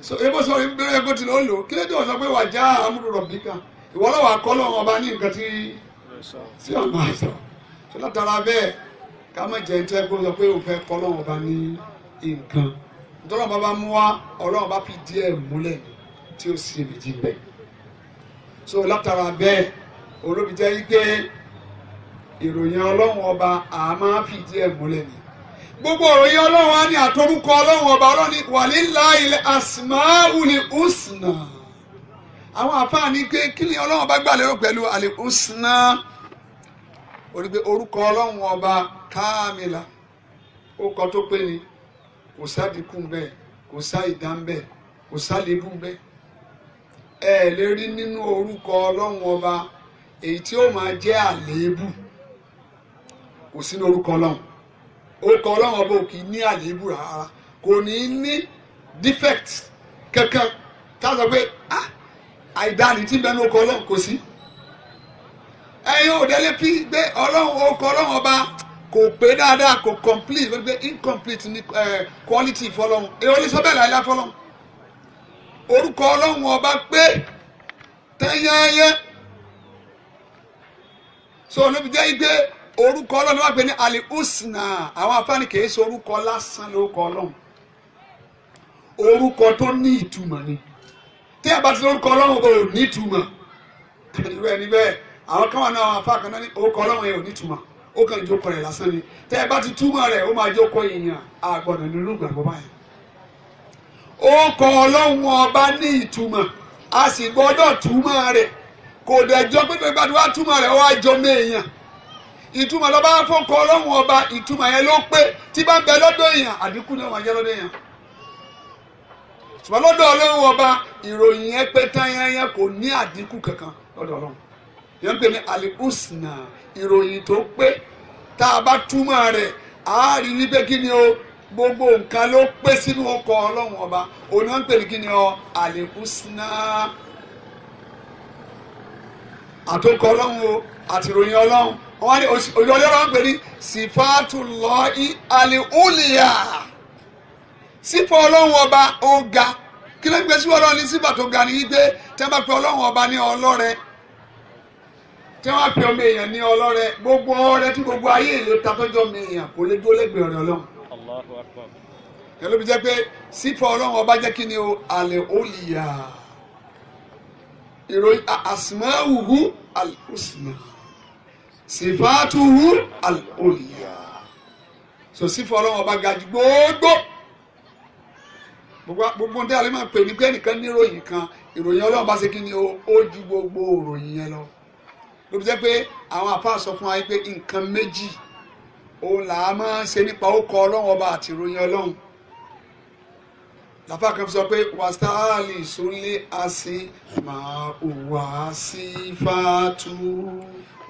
so ebo sọ ìbéèrè ẹgbẹ́ tí ló lò kí ló dé ọ̀sán pé wà já amúrú rọ̀ bí ká ìwọ lọ́wọ́ àkọ́lọ́ ọba ní nǹkan tí tí ọ̀nà àìsàn tó látara bẹ́ẹ̀ ká má jẹ́ ní tẹ́ kó sọ pé òun fẹ́ kọ́lọ́ ọba ní nǹkan tọ́lọ́mọ bá mú wá ọlọ́run bá fi díẹ̀ múlẹ̀ tí ó sì èmi jí bẹ́ẹ̀ so látara bẹ́ẹ̀ olóbi jẹ́ wípé ìròyìn ọlọ́run ọba a máa fi díẹ̀ múlẹ̀ ni gbogbo ìròyìn ọlọ́run á ní àtọ́rúkọ ọlọ́run ọba ọlọ́run ní walillahi asmaul husna àwọn àfáàní pé kí ni ọlọ́run ọba gbà lérò pẹ̀lú al husna orúkọ ọlọ́run ọba káàmìlà ó kọ tó pé ni kò sádìkù bẹ́ẹ̀ kò sá ìdá bẹ́ẹ̀ kò sálébù bẹ́ẹ̀ ẹ lè rí nínú orúkọ ọlọ́run ọba èyí tí ó máa jẹ́ àléébù kò sí ní orúkọ ọlọ́run orúkọ ọlọ́run ọba ò kì í ní àléébù rárá kò ní í ní defect kankan táwọn sọ pé ah àìdáni tí bẹ́ẹ̀ ní orúkọ ọlọ́run kò sí ẹ̀yin ò délé pí gbé ọlọ́run orúkọ ọlọ́run ọba kò pé dáadáa kò complete wọ́n gbé incomplete ní quality fọlọ́run èyí oníṣọ bẹ́ẹ̀ láyé fọlọ́run orúkọ ọlọ́run ọba pé tẹ́yẹ́yẹ́ so olóbi jẹ́ igbe orúkọ ọlọ́run wà pé ní alihusna àwọn afáàní kìí ṣe orúkọ lásán lórúkọ ọlọ́run orúkọ tó ní ìtumọ̀ ni tí a bá ti lórúkọ ọlọ́run ò ní ìtumọ̀ irú ẹni bẹ́ẹ̀ àwọn kan wà ní àwọn afáàkàn náà ní orúkọ ọlọ́run yẹn ò ní ìtumọ̀ ó kàn jókòó rẹ̀ lásán ni tẹ́ ẹ bá ti túmọ̀ rẹ̀ ó máa jókòó èèyàn àgbọ̀nà nínú ìgbàgbọ́ báyìí. ó kọ ọlọ́run ọba ní ìtumọ̀ a sì gbọ́dọ̀ túmọ̀ rẹ̀ kò dẹ̀jọ́ pé pé gbàdúrà túmọ̀ rẹ̀ ó wá jọ méèyàn ìtumọ̀ lọ́ba fún kọ ọlọ́run ọba ìtumọ̀ yẹn ló pé tí bá ń bẹ lọ́dọ̀ èèyàn àdínkù ni wọ́n jẹ́ lọ́dọ̀ èèyàn ṣùgbọ́n lọ́dọ̀ ọlọ́run ọba ìròyìn yẹn pé tán yẹn yẹn kò ní àdínkù kankan lọ́dọ̀ ọlọ́run yẹn ń pè ní alihusna ìròyìn tó pé tá a bá túmọ̀ rẹ̀ a rí wípé kí ni o gbogbo nǹkan ló pé sínú ọkọ̀ ọlọ́run ọba òun náà ń pè ní kí ni o àlékúsínà àtòkọ ọlọ́run o àti ìròyìn ọlọ́run wọ́n ní òjò ọlọ́run pè ní sífàtúlọ́ọ̀ì àlìhùlìyà sífà ọlọ́run ọba ó ga kí ló ń gbé sífà ọlọ́run ní sífà tó ga ní wípé tẹ́ bá pe ọlọ́run ọba ní ọlọ́rẹ tí wọ́n pe ọmọ èèyàn ní ọlọ́rẹ gbogbo ọrẹ tí gbogbo ayé ìlú ta tọ́jọ́ ọmọ èèyàn kò lè dúró lẹ́gbẹ̀ẹ́ ọ̀rẹ́ ọlọ́run. kẹlẹ́ bí jẹ́ pé sífọ̀ ọlọ́run ọba jẹ́ kí ni o àlẹ́ olìyà ìròyìn àsìmáwùhù àlùsùnà sífàtùhù àlùolìyà so sífọ̀ ọlọ́run ọba gajù gbogbo gbogbo ndé àlẹ́ máa pè ní pé ẹnìkan ní ìròyìn kan ìròyìn ọlọ́run bá ṣe kí ni o ó ju gbogbo ìròyìn yẹn lọ ló fi jẹ́ pé àwọn àfa sọ fún wa pé nǹkan méjì òun là á máa ń ṣe nípa ókọ ọlọ́run ọba àti ìròyìn ọlọ́run làfà kan sọ pé wàsáàlì súnlé àsì máa hùwà sí fàtú.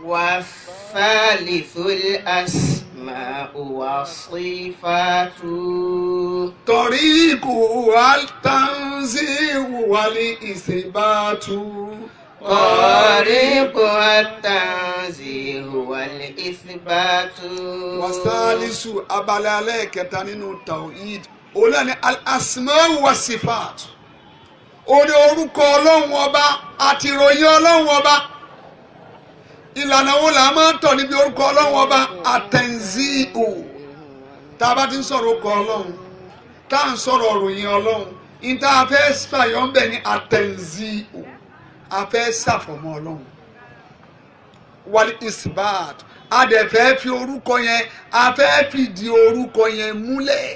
wàsáàlì súnlé àsì máa hùwà sí fàtú. torí kò wá tán sí ìwà ní طريق التنزيه والإثبات. والثالث abala ẹlẹ́ẹ̀kẹta nínú tawhid olóyè ni al-asma wa sifat orí orúkọ ọlọ́run ọba àti ìròyìn ọlọ́run ọba ìlànà wo là máa ń tọ̀ níbi orúkọ ọlọ́run ọba àtẹ̀nzíò tá a bá ti ń sọ̀rọ̀ orúkọ ọlọ́run tá à ń sọ̀rọ̀ ìròyìn ọlọ́run ní tá a fẹ́ fàyọ̀ ń a fẹ́ ṣàfọ̀mọ́ ọlọ́run wàlí isbat a dẹ̀ fẹ́ fi orúkọ yẹn a fẹ́ fìdí orúkọ yẹn múlẹ̀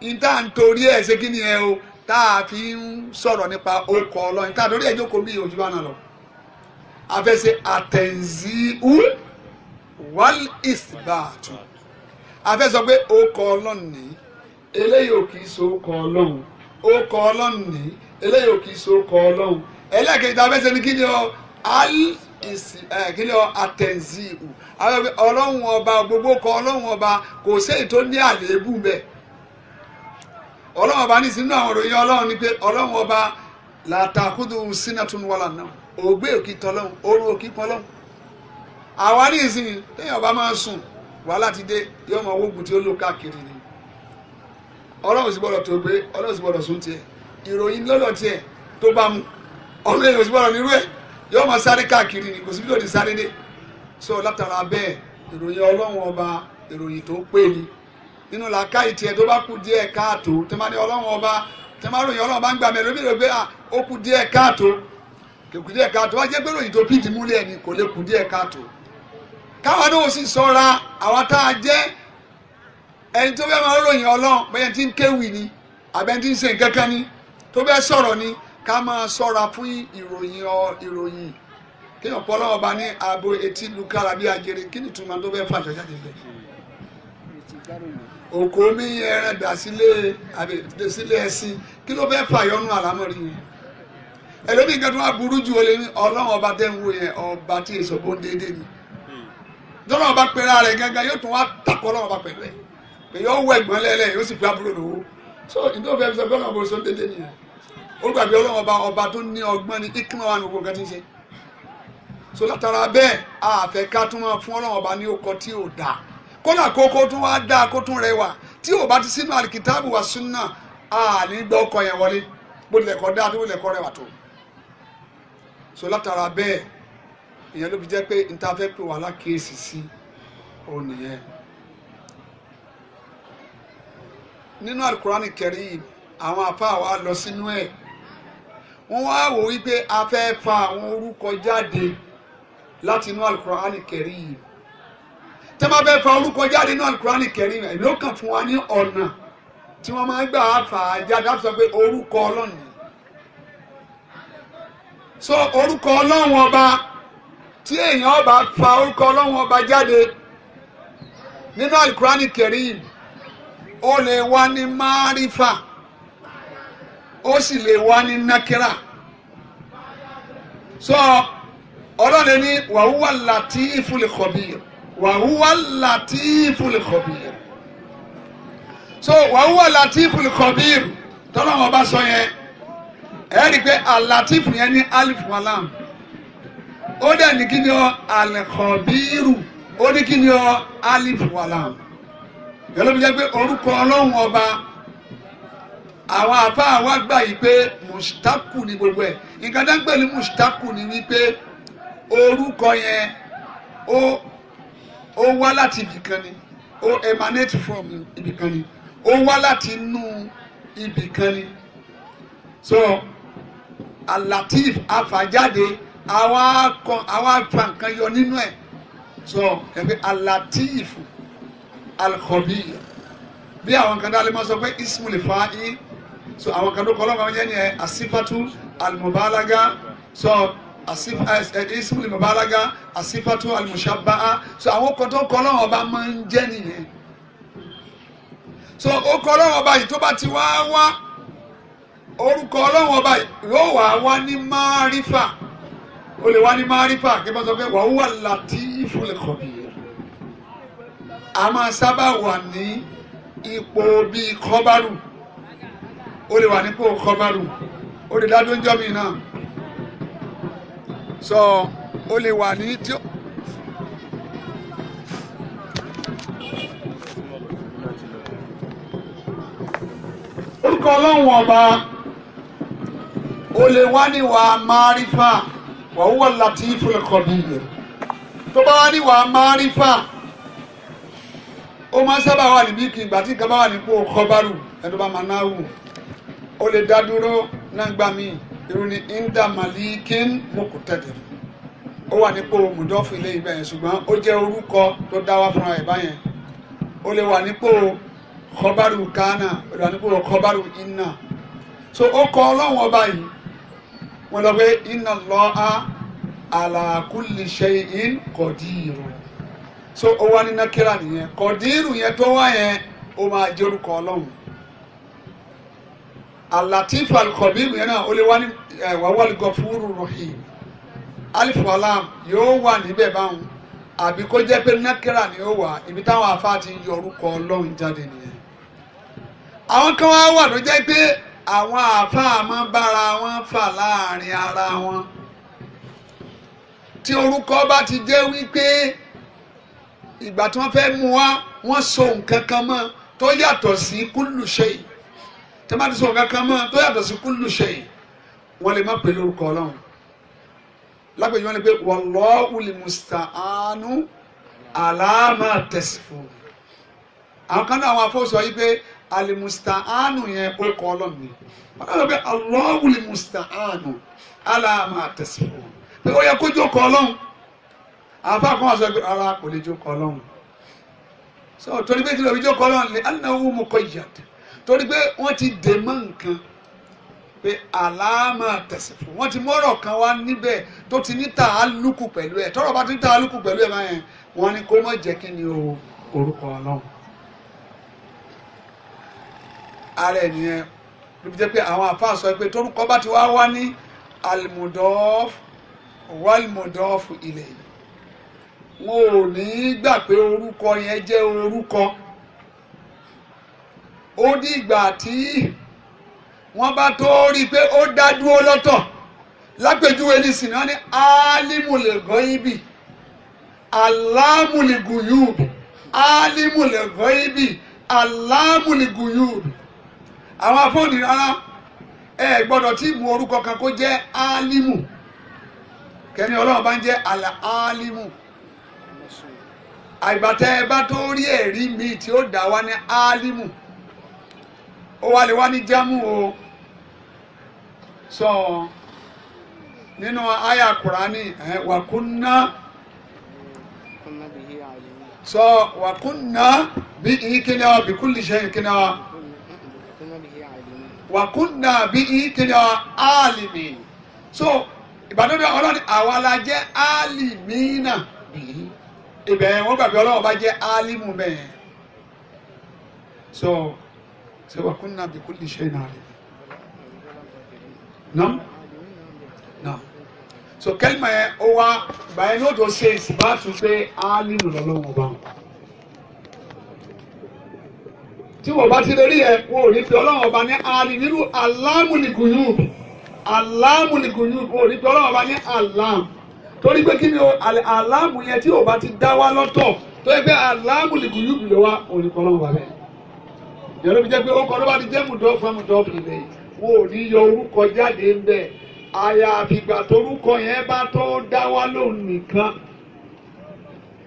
níta nítorí ẹ̀ ṣe kí ni ẹ o tá a fi ń sọ̀rọ̀ nípa orúkọ ọlọ́run níta nítorí ẹ̀ jókòó bí òjò bá náà lọ a fẹ́ ṣe àtẹ̀nzíú wàlí isbat a fẹ́ sọ pé orúkọ ọlọ́run ni eléyìí ò kì í so orúkọ ọlọ́run orúkọ ọlọ́run ni eléyìí ò kì í sorúkọ ọlọ́run ẹlẹ́ẹ̀kejì tá a fẹ́ ṣe ni kí ni ọ kí ni ọ àtẹ̀nzíìkù ọlọ́run ọba gbogbo kọ ọlọ́run ọba kò séyìí tó ní àléébù bẹ́ẹ̀ ọlọ́run ọba ní sínú àwọn òròyìn ọlọ́run ni pé ọlọ́run ọba làtàkùdù sínátún wọlà náà ògbé òkì tọ́lọ́run oru òkì pọ́lọ́run àwa ní ìsìn téèyàn ọba máa ń sùn wàhálà ti dé yọmọ owó gùn tí ó lò káàkiri ni ọlọ́run sì gbọ́dọ̀ tó gbé ọlọ́run sì gbọ́dọ̀ sún tiẹ̀ ìròyìn lọ́dọ̀ tiẹ̀ tó bá mu ọmọ èèyàn òsínbọ̀rọ̀ nírú ẹ̀ yóò máa sáré káàkiri ni kò sí lòdì sáré dé so látara bẹ́ẹ̀ ìròyìn ọlọ́run ọba ìròyìn tó pé ni nínú làákà ìtìẹ̀ tó bá kú díẹ̀ káàtó tẹ́ máa ní ọlọ́run ọba tẹ́ máa ròyìn ọlọ́run bá ń gbà mẹ́rin lómi rẹ̀ pé ah, ó kú díẹ̀ káàtó kò díẹ̀ káàtó wá jẹ́ pé ròyìn tó fìdí múlẹ̀ ni kò lè kú díẹ̀ káàtó káwa náà sì sọ́ra àwa tá a jẹ́ ẹni tó fẹ́ máa ròyìn ọlọ́run bẹ́ẹ̀ ti ń kéwì ni àbẹ́ntí ń ṣe nǹkan kan ni tó bẹ́ sọ̀rọ̀ ni ká máa sọ́ra fún ìròyìn ọ ìròyìn kéèyàn pọ́ lọ́wọ́ bá ní abo etí lukára bí ajere kí ni túmọ̀ tó bẹ́ fàṣọ jáde bẹ́ẹ̀. òkò mi ẹran dà sílé àbí dè sílé ẹṣin kí ló fẹ́ fàyọnu àlámọ̀rí yẹn ẹlòmíì kan tó wà burú ju olè ní ọlọ́run ọba tẹ́ ń wo yẹn ọba tí èso bó ń dédé ni tọ́lọ́ ọba pẹ̀lú ara rẹ̀ gángan yóò tún wá takọ́ ọlọ́run ọba pẹ̀lú so nítorí fẹ́ fi sọ pé ọlọ́run bò sọ déédéé nìyẹn ó gbàgbé ọlọ́run ọba ọba tó ní ọgbọ́n ní ìkímọ̀ wà ní gbogbo nǹkan tí ń ṣe so látara bẹ́ẹ̀ àfẹ́ ká tún máa fún ọlọ́run ọba ní okọ tí ò dáa kódà kókó tún wá dáa kó tún rẹwà tí ò bá ti sínú àlìkìtáàbù wà súnà àní gbọ́ ọkọ yẹn wọlé bó tilẹ̀ kọ́ dáa tó bó tilẹ̀ kọ́ rẹwà tó so látara bẹ́ẹ̀ ìyẹn ló fi jẹ́ pé n ta fẹ́ pè wà lákèésì sí òun nìyẹn nínú alukurani kẹrin àwọn apá wa lọ sínú ẹ̀ wọ́n wá wò wípé a fẹ́ fa àwọn orúkọ jáde láti inú alukurani kẹrin tẹ́ máa fẹ́ fa orúkọ jáde inú alukurani kẹrin èmi ó kàn fún wa ní ọ̀nà tí wọ́n máa ń gbà fà á jáde láti sọ pé orúkọ ọlọ́run so orúkọ ọlọ́run ọba tí èèyàn bá fa orúkọ ọlọ́run ọba jáde nínú alukurani kẹrin yìí ó lè wá ní márífà ó sì lè wá ní nákírà so ọlọ́run ní wàhúwà latiful khabir wàhúwà latiful khabir so wàhúwà latiful khabir tọ́lọ́ wọn bá sọ yẹn ẹ rí i pé alatif yẹn ní alif walam ó dẹ̀ ní kí ni ọ alẹ́kọ̀ọ́bírù ó ní kí ni ọ alif walam gẹ́lẹ́ bí jẹ́ pé orúkọ ọlọ́run ọba àwọn àfáà wa gbà yìí pé mustaku ni gbogbo ẹ̀ nǹkan tá ní mustaku ni wípé orúkọ yẹn ó ó wá láti ibìkan ni ó emanate from ibìkan ni ó wá láti inú ibìkan ni so alatif afajade àwa kan àwa fa nǹkan yọ nínú ẹ̀ so ẹ̀ pé alatif al-khabir bí àwọn kan dáa lè máa sọ pé ismul fa'il so àwọn kan tó kọ́ lọ́wọ́ yẹn yẹn asifatu so ismul mubalaga asifatu al-mushabba'a so àwọn kan tó kọ́ lọ́wọ́ ọba máa ń jẹ́ nìyẹn so ó kọ́ lọ́wọ́ ọba yìí tó bá ti wá wá orúkọ ọlọ́wọ́n ọba yóò wá wá ní márífà ó lè wá ní márífà kí wọ́n sọ pé wàhùwà latiful khabir a máa sábà wà ní ipò bíi kọ́bárù ó lè wà nípò kọ́bárù ó lè dádó ń jọ́ mi náà sọ ó lè wà ní tí ó. orúkọ ọlọ́run ọba ó lè wá níwà márífà wàhùwà latiful khabir tó bá wá níwà márífà ó máa ń sábà wà níbí kí ìgbà tí nǹkan bá wà nípò kọ́bárù ẹni tó bá máa náwó ó lè dá dúró náà gbà mí irú ni inda malikin mokutẹ́tẹ̀ ó wà nípò mùdọ́fù ilé ibẹ̀ yẹn ṣùgbọ́n ó jẹ́ orúkọ tó dá wá fúnra ẹ̀ báyẹn ó lè wà nípò kọ́bárù kánà ó lè wà nípò kọ́bárù iná so ó kọ ọlọ́run ọba yìí wọ́n lọ pé inna Allaha ala kulli shay'in qadir so ó wá ní nákírà nìyẹn kọ̀dírù yẹn tó wá yẹn ó máa jẹ́ orúkọ ọlọ́run alatifu alikọ̀bírù yẹn náà ó lè wá ní wàwọ́lì gọfúrú rahim alifu alam yóò wà níbẹ̀ báwọn àbí kó jẹ́ pé nákírà ni ó wà ibi táwọn afá ti yọ orúkọ ọlọ́run jáde nìyẹn àwọn kan wá wà ló jẹ́ pé àwọn àfá àmọ́ bára wọn fà láàrin ara wọn tí orúkọ bá ti jẹ́ wípé ìgbà tí wọ́n fẹ́ mú wa wọ́n so nǹkan kan mọ́ tó yàtọ̀ sí kúlù ṣe yìí tí wọ́n bá ti so nǹkan kan mọ́ tó yàtọ̀ sí kúlù ṣe yìí wọ́n lè má pè lórúkọ ọlọ́run lápèjì wọn ni pé wallahu al-musta'anu ala ma tasifun àwọn kan náà àwọn afọ́sọ yìí pé al-musta'anu yẹn ó kọ ọlọ́run ni wọ́n náà sọ pé Allahu al-musta'anu ala ma tasifun pé ó yẹ kójú ọkọ̀ ọlọ́run àfa kan wà sọ pé ara kò lè jókòó ọlọ́run so torí pé kí lóbi jókòó ọlọ́run ni anáwó mu kọ ìyàtọ̀ torí pé wọ́n ti dè mọ́ nǹkan pé àlàámà tẹ̀sí fún wọ́n ti mọ́rọ̀ kan wá níbẹ̀ tó ti ní tàálùkù pẹ̀lú ẹ̀ tọ́rọ̀ bá ti ní tàálùkù pẹ̀lú ẹ̀ báyẹn wọ́n ní kó mọ̀ jẹ́ kí ni o orúkọ ọlọ́run ara ẹ̀ nìyẹn lóbi jẹ́ pé àwọn àfa sọ pé torúkọ bá ti wá wá ní almudọ́f wàlmudọ́f ilẹ̀ yìí wọn ò ní í gbà pé orúkọ yẹn jẹ́ orúkọ ó di ìgbà tí wọ́n bá tó rí i pé ó dá dúró lọ́tọ̀ lápèjúwe nísìn náà ní alimulẹ̀gọ́ ibi alámùlẹ̀gùyùb alimulẹ̀gọ́ ibi alámùlẹ̀gùyùb àwọn afọ́nì rárá ẹ gbọ́dọ̀ tí mú orúkọ kan kó jẹ́ alimu kẹ́ni ọlọ́run bá ń jẹ́ alimu. Al àgbàtẹ́ ẹ bá tó rí ẹ̀rí míì tí ó dá wa ní álímù ó wá lè wá ní jámù o sọ nínú àyà kùránì wàkúnná sọ wàkúnná bí ìkíni ọ bí kúlì ṣe ìkíni ọ wàkúnná bí ìkíni ọ álìmì so ìbádọ́dọ̀ ọlọ́ni àwa la jẹ́ álìmì náà ibẹ̀ wọ́n gbàgbé ọlọ́run bá jẹ́ alimu bẹ́ẹ̀ so ṣe wà kún nàbí kún ní ṣe náà rẹ nam nam so kẹ́lìmọ̀ yẹn ó wá báyìí ní odò ṣe ìsìbáàtú pé alimu lọ́lọ́run bá tí wọ́n bá ti lórí ẹ̀ wọ́n ò ní fi ọlọ́run ọba ní ali nínú alámùnìgùnyù alámùnìgùnyù wọ́n ò ní fi ọlọ́run ọba ní alámù torí pé kí ni aláàmù yẹn tí ò bá ti dá wa lọ́tọ̀ tó yẹ pé aláàmù lè kúyú bìlẹ̀ wa òní kọ́ lọ́wọ́ bàbẹ́ yẹn ló fi jẹ́ pé ó kọ́ ló bá ti jẹ́ mùdọ́ fún mùdọ́ bìlẹ̀ wọn ò ní yọ orúkọ jáde ń bẹ̀ àyà àfìgbà torúkọ yẹn bá tó dá wa lóhùn nìkan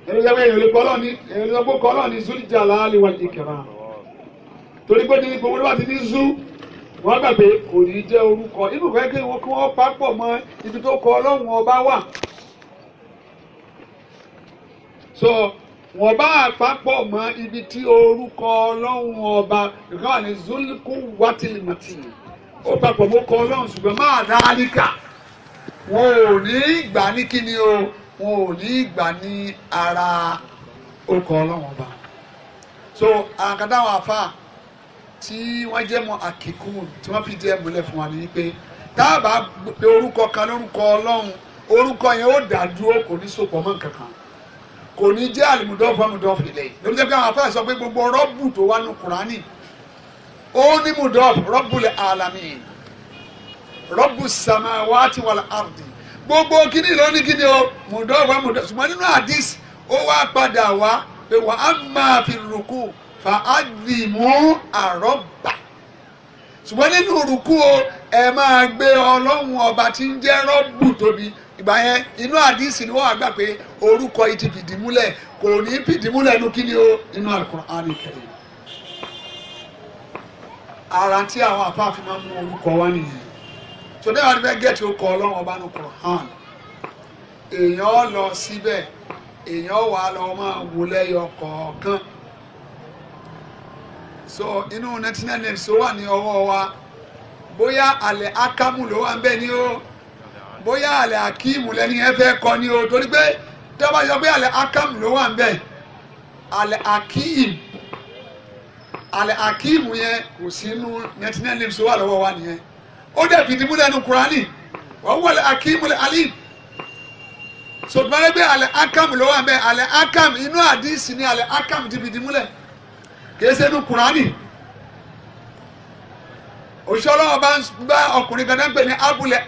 ẹni lọ́wọ́ èèyàn lè kọ́lọ́ ní èèyàn lè kọ́lọ́ ní zul jalali wal ikram torí pé ní gbogbo ló bá ti wọ́n gbà kò ní jẹ́ orúkọ inú fẹ́ kí wọ́n papọ̀ mọ́ ibi tó kọ ọlọ́run ọba wà so wọ́n bá àpapọ̀ mọ́ ibi tí orúkọ ọlọ́run ọba nǹkan wà ní zuliku watilimati ó papọ̀ mọ́ kọ ọlọ́run ṣùgbọ́n máa dáríkà wọn ò ní gbà ní kíni o wọn ò ní gbà ní ara orúkọ ọlọ́run ọba so àkàdáwọn afa tí wọ́n jẹ́ mọ́ àkíkún tí wọ́n fi jẹ́ múlẹ̀ fún wa ní pé táàbà pé orúkọ kan lórúkọ ọlọ́run orúkọ yẹn ó dàdúró kò ní sopọ̀ mọ́ nǹkan kan kò ní jẹ́ àlùmùdọ́fà mùdọ́fà ilẹ̀ yìí lórí jẹ́ pé àwọn afẹ́ sọ pé gbogbo rọ́bù tó wà ní kùránì ó ní mùdọ́fà rọ́bù alamin rọ́bù samawati wal ardi gbogbo kíní ló ní kíní o mùdọ́fà mùdọ́fà ṣùgbọ́n nínú àdís ó wá padà wá pé wà á máa fi rùkú fa ádìmú àrọ́bà ṣùgbọ́n nínú rùkú o ẹ máa gbé ọlọ́run ọba tí ń jẹ́ rọ́bù tóbi ìgbà yẹn inú àdìsí ni wọ́n wá pé orúkọ yìí ti fìdí múlẹ̀ kò ní fìdí inu inú kí ni o inú ara tí àwọn àfáàfin máa ń mú orúkọ wá nìyẹn tòdé wàá fẹ́ gẹ̀ẹ́tì ọlọ́run ọba èèyàn lọ síbẹ̀ èèyàn wà lọ máa wò lẹ́yọ kọ̀ọ̀kan so inú so wà ní wa bóyá ló wà ń bẹ ni bóyá àlẹ́ akíìmù lẹ́ni ẹ fẹ́ kọ ni o torí pé tẹ́ bá yọ pé àlẹ́ akámù ló wà ń bẹ̀ àlẹ́ akíìmù àlẹ́ akíìmù yẹn kò sínú ninety-nine leaves wà lọ́wọ́ wa nìyẹn ó dẹ̀ fìdí múlẹ̀ nu Kúránì wọ́n wọlé akíìmù lẹ́ alim sọtumare bẹ alẹ akam ló wà bẹ alẹ akam inú àdìsí ni alẹ akam ti fi di múlẹ̀ kéésẹ nu kurani òṣèlú ọba ń bá ọkùnrin kan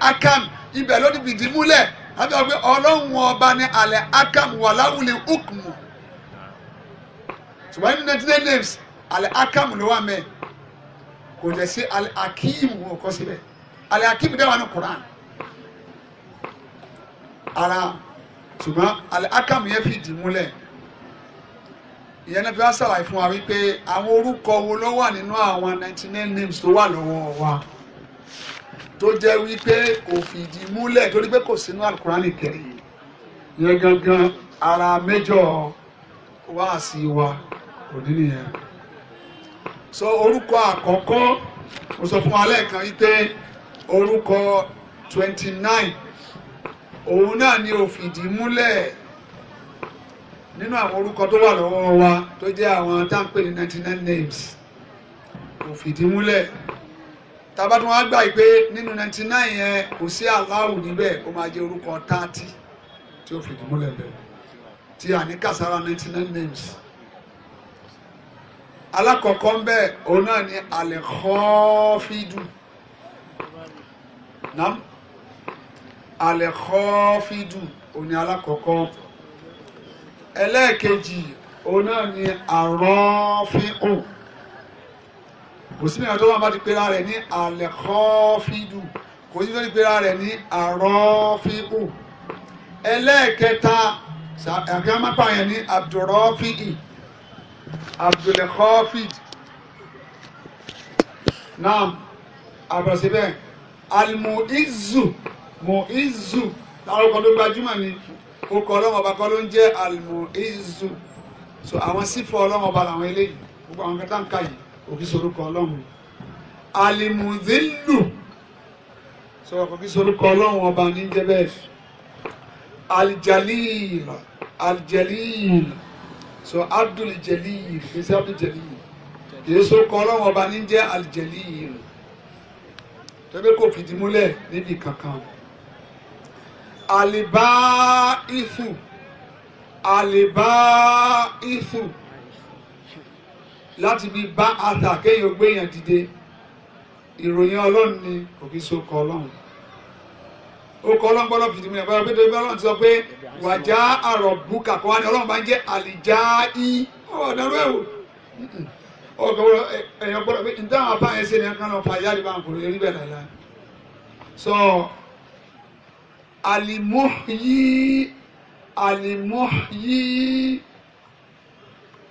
akam ibẹ̀ ló ti fìdí múlẹ̀ láti sọ pé ọlọ́run ọba ní alẹ́ akam wà láwùlẹ̀ ukmu ṣùgbọ́n nínú ninety nine names alẹ́ akam ló wà mẹ́ kò dẹ̀ sí alẹ́ akim wọn kọ́ síbẹ̀ alẹ́ akim dẹ̀ ní Quran ara ṣùgbọ́n alẹ́ akam yẹn fìdí múlẹ̀ ìyẹn náà fi wá ṣàlàyé fún wa wípé àwọn orúkọ wo ló wà nínú àwọn ninety nine names tó wà lọ́wọ́ wa tó jẹ́ wípé kò fìdí múlẹ̀ torí pé kò sínú alukurani kẹrì yẹn gangan ara mẹ́jọ wáàsí wa òní nìyẹn so orúkọ àkọ́kọ́ mo sọ fún wa lẹ́ẹ̀kan wípé orúkọ twenty nine òun náà ni òfìdí múlẹ̀ nínú àwọn orúkọ tó wà lọ́wọ́ wa tó jẹ́ àwọn táǹpẹ̀ ní ninety nine names òfìdí múlẹ̀ tábà tí wọ́n gbà pé ninety nine yẹn kò sí aláwù níbẹ̀ ó máa jẹ́ orúkọ thirty tí ó fìdí múlẹ̀ bẹ́ẹ̀ tí a ní kàsára ninety nine names alákọ̀ọ́kọ́ ń bẹ̀ òun náà ni alẹ́kọ́ọ́fídù nam alẹ́kọ́ọ́fídù òun oni alákọ̀ọ́kọ́ ẹlẹ́ẹ̀kejì òun náà ni àrọ́fíhùn òsínú ẹ̀rọ tó wà bá ti pera rẹ̀ ní alẹ́kọ́fídù kò sí tó ti pera rẹ̀ ní arọ́fíkù ẹlẹ́ẹ̀kẹta àgbẹ̀mọ́pá yẹn ní abdulrọ́fíì abdulrọ́fíì náà àbọ̀sí bẹ́ẹ̀ alimuizu muizu lárúkọ tó gbajúmọ̀ ni orúkọ ọlọ́mọ ọba kọ́ ló ń jẹ́ alimuizu so àwọn sífọ́ ọlọ́mọ ọba làwọn eléyìí gbogbo àwọn kẹta ń ka yìí òkè sorúkọ ọlọ́run alimuzilu sọ òkè sorúkọ ọlọ́run ọba ní jẹ́bẹ́ẹ̀ alijalil alijalil sọ abduljalil fèsì abduljalil kìí sorúkọ ọlọ́run ọba ní jẹ́ alijalil tẹ́lẹ̀ kò fìdí múlẹ̀ níbi kankan alibaifu ifu láti bí bá àtà kéèyàn gbéyàn dìde ìròyìn ọlọ́run ni kò kí so kọ ọlọ́run ó kọ ọlọ́run gbọ́dọ̀ fìdí mi àbára pété bí ọlọ́run ti sọ pé wàjá àrọ̀ búkà kọ́ wá ní ọlọ́run bá ń jẹ́ àlìjá í ọ̀rọ̀ ọ̀dọ́rú ẹ̀ wò ọkọ̀ ẹ̀yàn gbọ́dọ̀ pé níta àwọn abáyẹn ṣe ni ẹ̀kan lọ́ọ́ fa yáàdì bá ń kúrò erí bẹ́ẹ̀ dáadáa so alimuhyi alimuhyi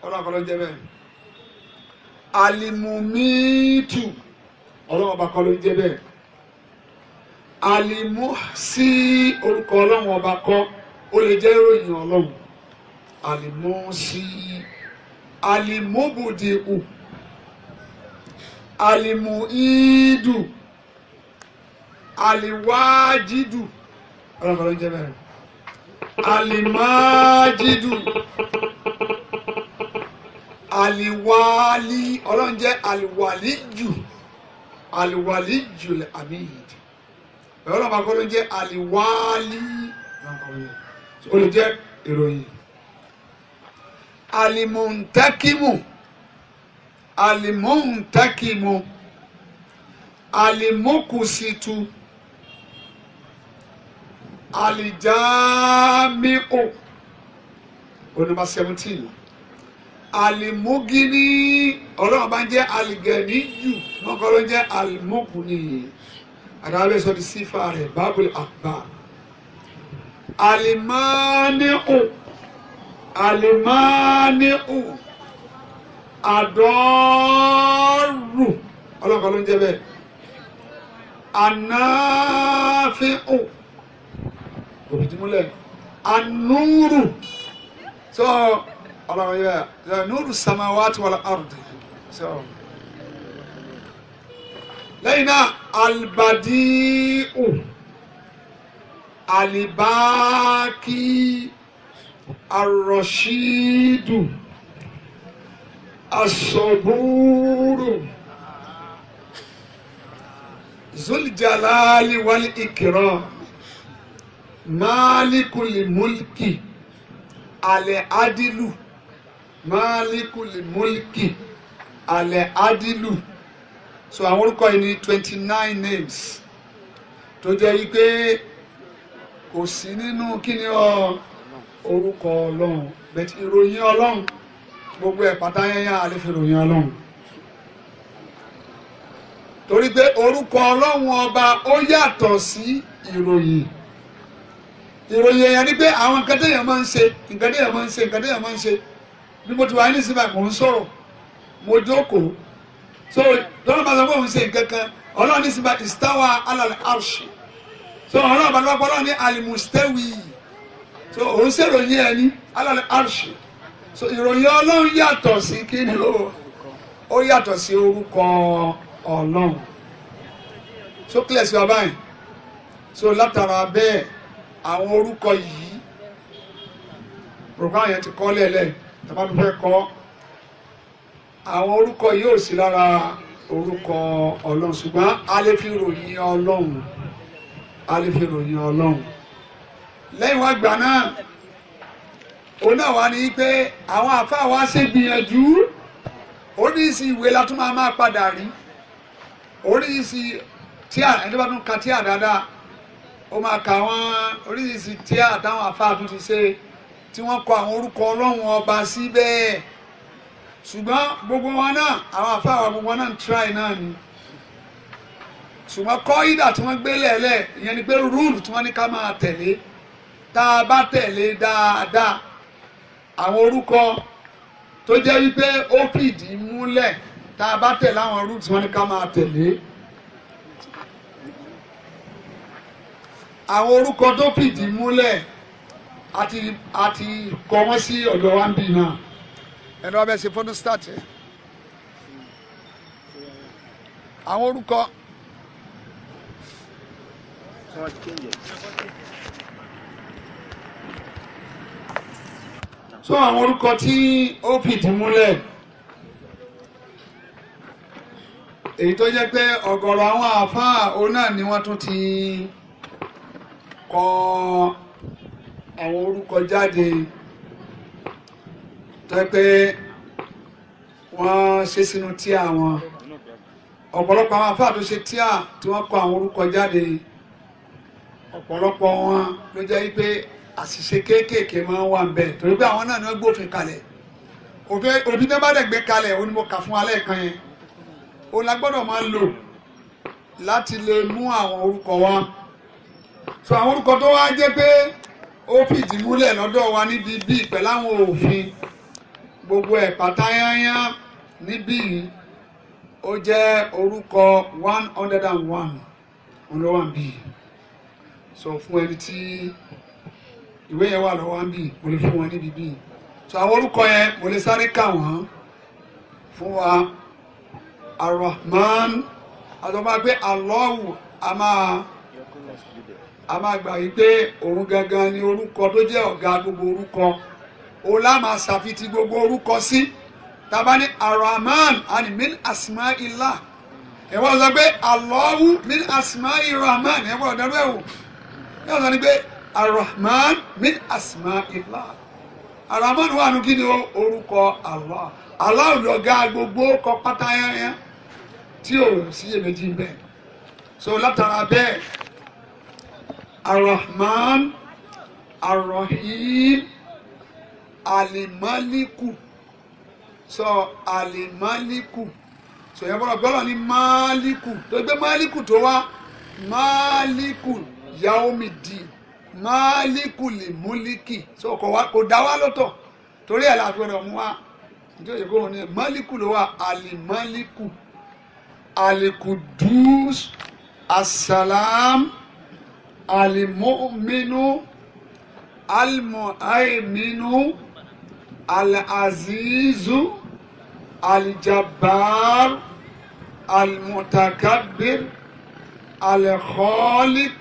ọlọ́run kọ́ ló jẹ́ bẹ́ẹ̀ alimumitu ọlọ́run ọba kọ́ ló ń jẹ́ bẹ́ẹ̀ alimu sí orúkọ ọlọ́run ọba kọ́ ó lè jẹ́ ìròyìn ọlọ́run alimu sí alimubudiku alimuidu aliwajidu ọlọ́run ọba ló ń jẹ́ bẹ́ẹ̀ alimajidu aliwali ọlọ́run jẹ́ aliwali jù aliwali jù amid ọlọ́run bá gbọ́dọ̀ jẹ́ aliwali olùjẹ́ ìròyìn alimuntakimu alimuntakimu alimukusitu alijamiu onímọ̀ seventeen alimugini ọlọ́run bá ń jẹ́ aligẹ̀níyù wọn kọ́ ló ń jẹ́ alimugini àdáwọlé sọ di sífà rẹ̀ bábùlì àgbà alimánìkù alimánìkù àdọ́rù ọlọ́run kọ́ ló ń jẹ́ bẹ́ẹ̀ anáfíhù òbítúmúlẹ̀ anúrù sọ. So, ọlọ́run yẹ nuru samawati wal ardi so lẹ́yìn náà albadiu alibaki arọ̀ṣídù asọ̀búrù zuljalali wal ikram malikul mulki alẹ́ adilu máàlíkùlì múlìkì alẹ́ adilu so àwọn orúkọ yìí ní twenty nine names tó jẹ́ yí pé kò sí nínú kíni ọ orúkọ ọlọ́run bẹ́ẹ̀ ìròyìn ọlọ́run gbogbo ẹ̀ pátá yẹn yá alẹ́ fi ròyìn ọlọ́run torí pé orúkọ ọlọ́run ọba ó yàtọ̀ sí ìròyìn ìròyìn ẹ̀yàn ni pé àwọn nǹkan téèyàn máa ń ṣe nǹkan téèyàn máa ń ṣe nǹkan téèyàn máa ń ṣe bí mo ti wà ní ìsinmi àmọ́ ń sọ̀rọ̀ mo jókòó so lọ́nà bá sọ pé òun ṣe nǹkan kan ọlọ́run ní ìsinmi ìsítáwà alàlẹ́ àrùṣì so ọlọ́run bá lọ́pọ̀ ọlọ́run ní alimustewi so òun ṣèròyìn ẹni alàlẹ́ àrùṣì so ìròyìn ọlọ́run yàtọ̀ sí kí ni o ó yàtọ̀ sí orúkọ ọlọ́run so kílẹ̀ sí wa báyìí so látara bẹ́ẹ̀ àwọn orúkọ yìí program yẹn ti kọ́ lẹ́lẹ́yìí tàbá mi fẹ́ kọ́ àwọn orúkọ yìí ò sí lára orúkọ ọlọ́run ṣùgbọ́n a lè fi ròyìn ọlọ́run a lè fi ròyìn ọlọ́run lẹ́yìn wá gbà náà òun náà wá ní pé àwọn àfáà wá ṣe gbìyànjú oríṣi ìwé la tún máa máa padà rí oríṣi tíà ẹni bá tún ka tíà dáadáa ó máa kà wọ́n oríṣi tíà táwọn àfáà tún ti ṣe tí wọ́n kọ àwọn orúkọ ọlọ́run ọba síbẹ̀ ṣùgbọ́n gbogbo wọn náà àwọn àfáàwọ̀ gbogbo wọn náà ń try náà ni ṣùgbọ́n kọ́ídà tí wọ́n gbé lẹ́lẹ̀ ìyẹn ni pé rúùlù tí wọ́n ní ká máa tẹ̀lé tá a bá tẹ̀lé dáadáa àwọn orúkọ tó jẹ́ wípé ó fìdí múlẹ̀ tá a bá tẹ̀lé àwọn rúùlù tí wọ́n ní ká máa tẹ̀lé. àwọn orúkọ tó fìdí múlẹ̀ Ati ati kọ wọ́n sí ọ̀dọ̀ wa ń bì náà. ẹni wọn bẹ start ẹ àwọn orúkọ so àwọn orúkọ tí ó fìdí múlẹ̀ èyí tó jẹ́ pé ọ̀gọ̀rọ̀ àwọn àáfàá òun náà ni wọ́n tún ti kọ́ ọ àwọn orúkọ jáde tó pé wọ́n ṣe sínú tíà wọn ọ̀pọ̀lọpọ̀ àwọn afáà tó ṣe tíà tí wọ́n kọ àwọn orúkọ jáde ọ̀pọ̀lọpọ̀ wọn ló jẹ́ pé àṣìṣe kéékèèké máa ń wà ń bẹ̀ torí pé àwọn náà ni wọ́n gbófin kalẹ̀ òbí tó bá dẹ̀ gbé kalẹ̀ ó ní mo kà fún alẹ́ kan yẹn òun la gbọ́dọ̀ máa ń lò láti lè mú àwọn orúkọ wá so àwọn orúkọ tó wá jẹ́ pé ó fìdí múlẹ̀ lọ́dọ̀ wa níbi bíi pẹ̀lú àwọn òfin gbogbo ẹ̀ pátáyáyá níbí yìí ó jẹ́ orúkọ one hundred and one olówàn bíi sọ fún ẹni tí ìwé yẹn wà lọ́wọ́ ń bì mo lè fún wọn níbi bíi sọ àwọn orúkọ yẹn mo lè sáré kà wọ́n fún wa arahman àtọ́gbà pé alọ́wù a máa. a máa gbà wípé òun gangan ni orúkọ tó jẹ́ ọ̀gá gbogbo orúkọ òun lá máa ṣàfitì gbogbo orúkọ sí tàbá ní arahman ani min asma ilá ẹ wọ́n sọ pé alọ́wù min asma irahman ẹ wọ́n dẹ́rù ẹ̀ wò ẹ wọ́n sọ ni pé arahman min asma ilá arahman wà nù kí ni orúkọ Allah Allah lọ̀gá gbogbo kọ pátá yẹn yẹn tí ò síyèméjì bẹ́ẹ̀ so látara bẹ́ẹ̀ arahman arahim alimaliku sọ alimaliku so yẹn bọ́lá bọ́lá ní máàlíkù tó gbé máàlíkù tó wá Maliku, yaomidi Maliku limuliki, so sọ kò wá kò dá wá lọ́tọ̀ torí ẹ̀ la fi rẹ̀ mú wa nítorí ìgbó wọn ni máàlíkù ló wà alimaliku alikuduus asalam. As alimọ́mínú alimọ́àìmínú alazizu alijabar alimọ́takabir alikọ́lik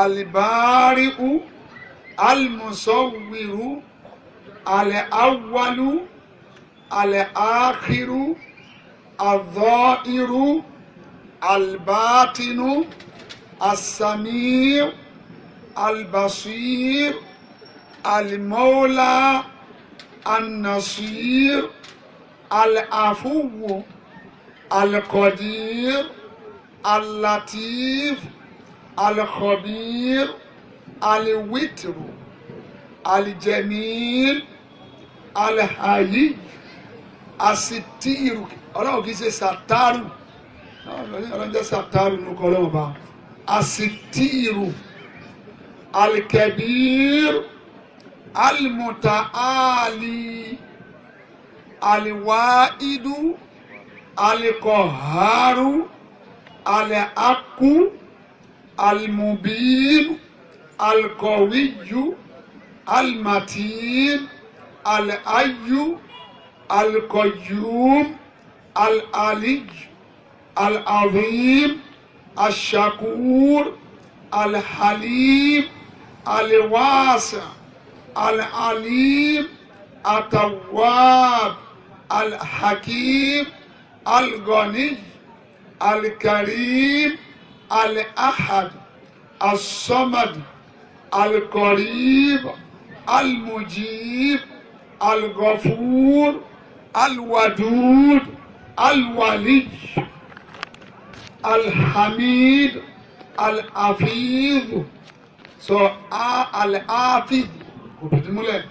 alibari'u alimusawiru alawalu alakhiru adha'iru albatinu. Al asamiu albasir alimola anasir alafuwu alikodir alatif alikobir aliwitru alijamil alihayi asitiru ọlọ́run kì í ṣe sàtárù ọlọ́run jẹ́ sàtárù nínú kọ́ ọlọ́run bá asitiru alikabir alimutaali aliwaidu alikoharu aliaku almubin alikowiyu almatin alayu alikoyum alaliyu alazim. Al الشكور الحليم الواسع العليم التواب الحكيم الغني الكريم الأحد الصمد القريب المجيب الغفور الودود الولي الحميد، hamid Al-Afiz. So, Al-Afiz, kò fìdí múlẹ̀.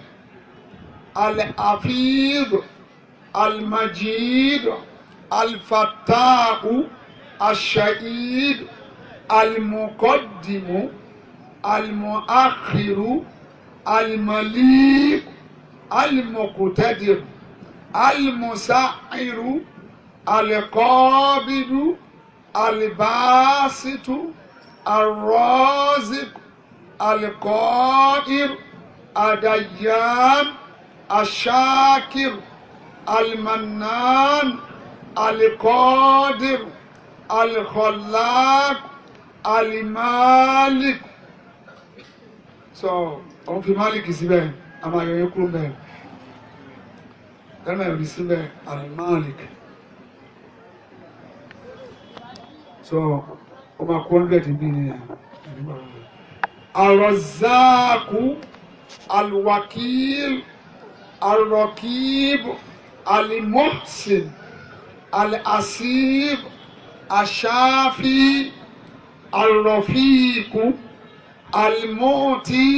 Al-Afiz, Al-Majid, Al-Fattahu, Al-Shahid, Al-Muqaddimu, Al-Muakhiru, Al-Malik, Al-Muqtadir, Al-Musa'iru, Al-Qabidu, alibasitu arrozib alikoir adayan ashakir almanan alikodir alikọlák alimalik So, òun fi malik síbẹ̀ àmàyọ̀ yẹn kúrò bẹ́ẹ̀ ẹ̀rọ ẹ̀rí síbẹ̀ alimalik. So, so ó máa kó hundred bíi ní àròzáàkú alwakil alrokib alimohsin alasib aṣáfi alrofiku alimoti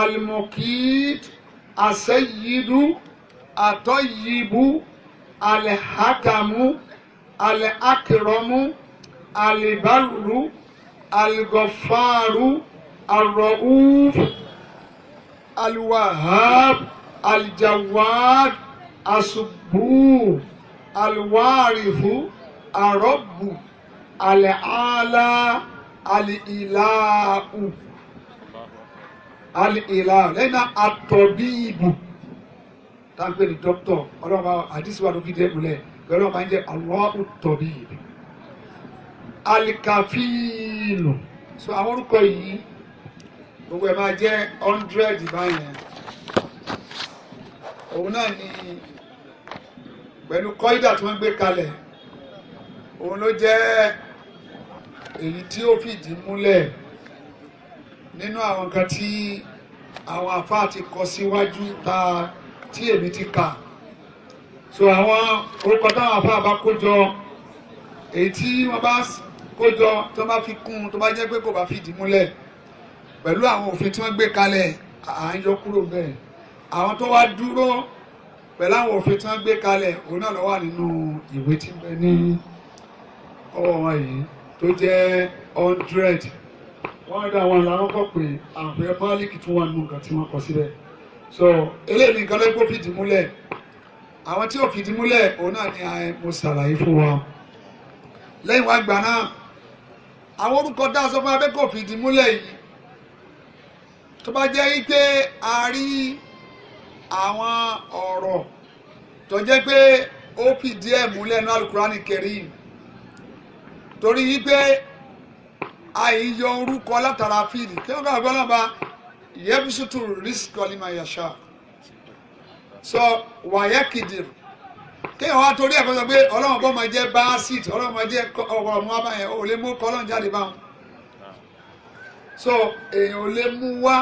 alimokit aseyidu atọyibu alihakamu aliakiramu. Al alibaru algọfaru arọuf alwahab aljawad asubu alwarifu arọbu alẹ́àlá alìláàù alìláàù lẹ́yìn náà àtọ̀bíìbù táwọn pè ní dókítọ̀ ọlọ́run àdìsíwájú fìdí ẹ̀ múlẹ̀ ọlọ́run máa ń jẹ́ àlọ́ọ̀tọ̀bíìbù alikafiilu so àwọn orúkọ yìí gbogbo ẹ̀ máa jẹ́ hundred báyẹn òun náà ni pẹ̀lú kọ́ídà tí wọ́n gbé kalẹ̀ òun ló jẹ́ èyí tí ó fìdí múlẹ̀ nínú àwọn nǹkan tí àwọn àfáà ti kọ síwájú ta tí èmi ti kà so àwọn orúkọ táwọn àfáà bá kó jọ èyí tí wọ́n bá kó jọ tó bá fi kún un tó bá jẹ́ pé kò bá fìdí múlẹ̀ pẹ̀lú àwọn òfin tí wọ́n gbé kalẹ̀ à ń yọ kúrò bẹ́ẹ̀ àwọn tó wá dúró pẹ̀lú àwọn òfin tí wọ́n gbé kalẹ̀ òun náà ló wà nínú ìwé tí ń bẹ ní ọwọ́ wọn yìí tó jẹ́ hundred wọ́n rí àwọn làwọn kọ̀ pé àpẹ malik tún wà nínú nǹkan tí wọ́n kọ síbẹ̀ so eléyìí nìkan ló fìdí múlẹ̀ àwọn tí ò fìdí múlẹ̀ òun náà ni mo ṣàlàyé fún wa lẹ́yìn wá gbà náà àwọn orúkọ tá a sọ fún abẹ́ kò fìdí múlẹ̀ yìí tó bá jẹ́ wípé a rí àwọn ọ̀rọ̀ tó jẹ́ pé ó fìdí ẹ̀ múlẹ̀ ní alukurani Karim torí wípé àìyọ orúkọ látara fìdí kí wọ́n kàwé gbọ́dọ̀ bá yẹ́bùsùtù rìsíkọ́lì yàṣà sọ wàyẹ́kìdìrì kéèyàn wá torí ẹ̀kọ́ sọ pé ọlọ́run bọ́ máa jẹ́ báásìt ọlọ́run máa jẹ́ ọ̀pọ̀lọpọ̀ mú abáyẹn ò lè mú kọ́lọ́n jáde báwọn. so èèyàn ò lè mú wá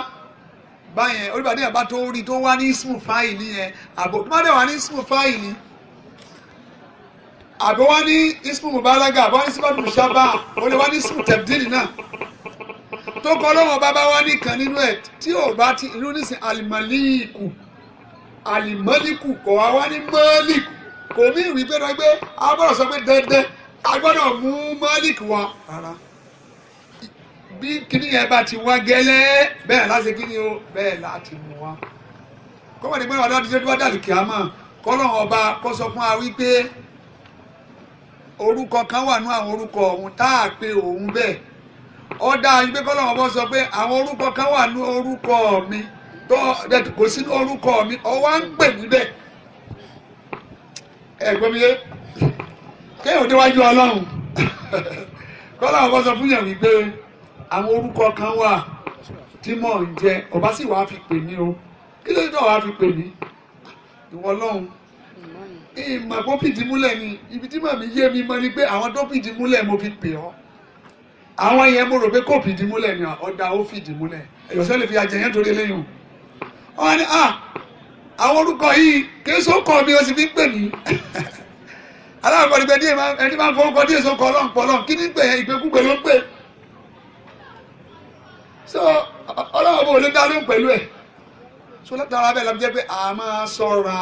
báyẹn olùbàdàn yàrá tó rí tó wá ní ismu fáìlì yẹn àbò tó má dẹ̀ wá ní ismu fáìlì àbò wá ní ismu mubalaga àbò wá ní ismu musaba ó lè wá ní ismu tẹ̀bdìlì náà tó kọ́ lọ́wọ́ bàbá wá nìkan nínú ẹ̀ tí ò bá ti irú nísìn alimaliku alimaliku kọ̀ wá wá ní mọ́líkù omi ní ìwé gbẹdẹgbẹ a sọ pé dandan a mú Malik wá bí kíní yẹn bá ti wá gẹ́lẹ́ bẹ́ẹ̀ láti kíní o bẹ́ẹ̀ láti mú wá kọ́mọ̀ nígbà wà dàlù kí mọ̀ kọ́lọ́hún ọba kó sọ fún wa wípé orúkọ kan wà ní àwọn orúkọ ọ̀hún tá a pe òun bẹ́ẹ̀ ọ̀dà kọ́lọ́hún ọba sọ pé àwọn orúkọ kan wà orúkọ mi tó kò sí orúkọ mi ẹ̀gbọ́n mi yé kéèyàn déwájú ọlọ́run kọ́lá ọkọ sọ fún yàn wípé àwọn orúkọ kan wà tí mò ń jẹ ọba sì wàá fi pè mí o kí ló dé tó wàá fi pè mí ìwọ ọlọ́run ìmọ̀ kó fìdí múlẹ̀ ni ibi tí màmí yé mi mọ ni pé àwọn tó fìdí múlẹ̀ mo fi pè ọ́ àwọn yẹn mo rò pé kò fìdí múlẹ̀ ni ọ̀dà ó fìdí múlẹ̀ ẹ̀yọ̀sẹ́ lè fi àjẹyẹ́ torí eléyìí o wọ́n á ní ah àwọn orúkọ yìí kìí sókọ mi o sì fi ń pè mí aláàkọ́ ni pé ẹni máa ń fọwọ́kọ díẹ̀ sókọ ọlọ́run pọ̀ ọlọ́run kí ni pè ìpèkúpè ló ń pè so ọlọ́run bò ló dá lóhùn pẹ̀lú ẹ̀ so látara bẹ́ẹ̀ lọ́mọdé pé a máa sọ́ra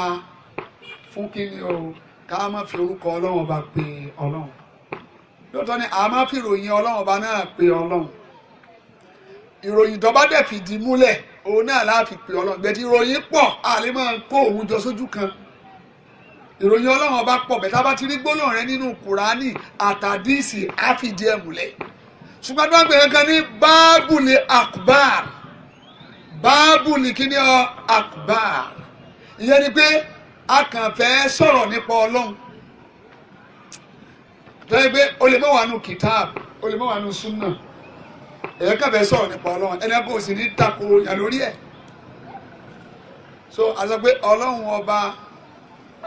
fún kí ni o ká má fi orúkọ ọlọ́run ọba pe ọlọ́run lóòótọ́ ni a máa fi ìròyìn ọlọ́run ọba náà pe ọlọ́run ìròyìn tó bá dẹ̀ fìdí múlẹ̀ òun náà láàfin pè ọlọ́run bẹ́ẹ̀ tí ìròyìn pọ̀ àlè máa ń kó òun jọ sójú kan ìròyìn ọlọ́run ọba pọ̀ bẹ́ẹ̀ a bá ti rí gbólóhùn rẹ nínú kùránì àtàdíìsì àfìdí ẹ̀ múlẹ̀ ṣùgbọ́n tó ń pè é ní báàbùlì akbar báàbùlì kíní ọ akbar ìyẹn ni pé a kàn fẹ́ sọ̀rọ̀ nípa ọlọ́run tó yẹ pé o lè mọ̀ wà nù kìtáàbù o lè mọ̀ wà nù súnà ẹ̀yẹ kàfẹ́ sọ̀rọ̀ nípa ọlọ́run ẹni kò sì ní tako yàn lórí ẹ̀ so àti pé ọlọ́run ọba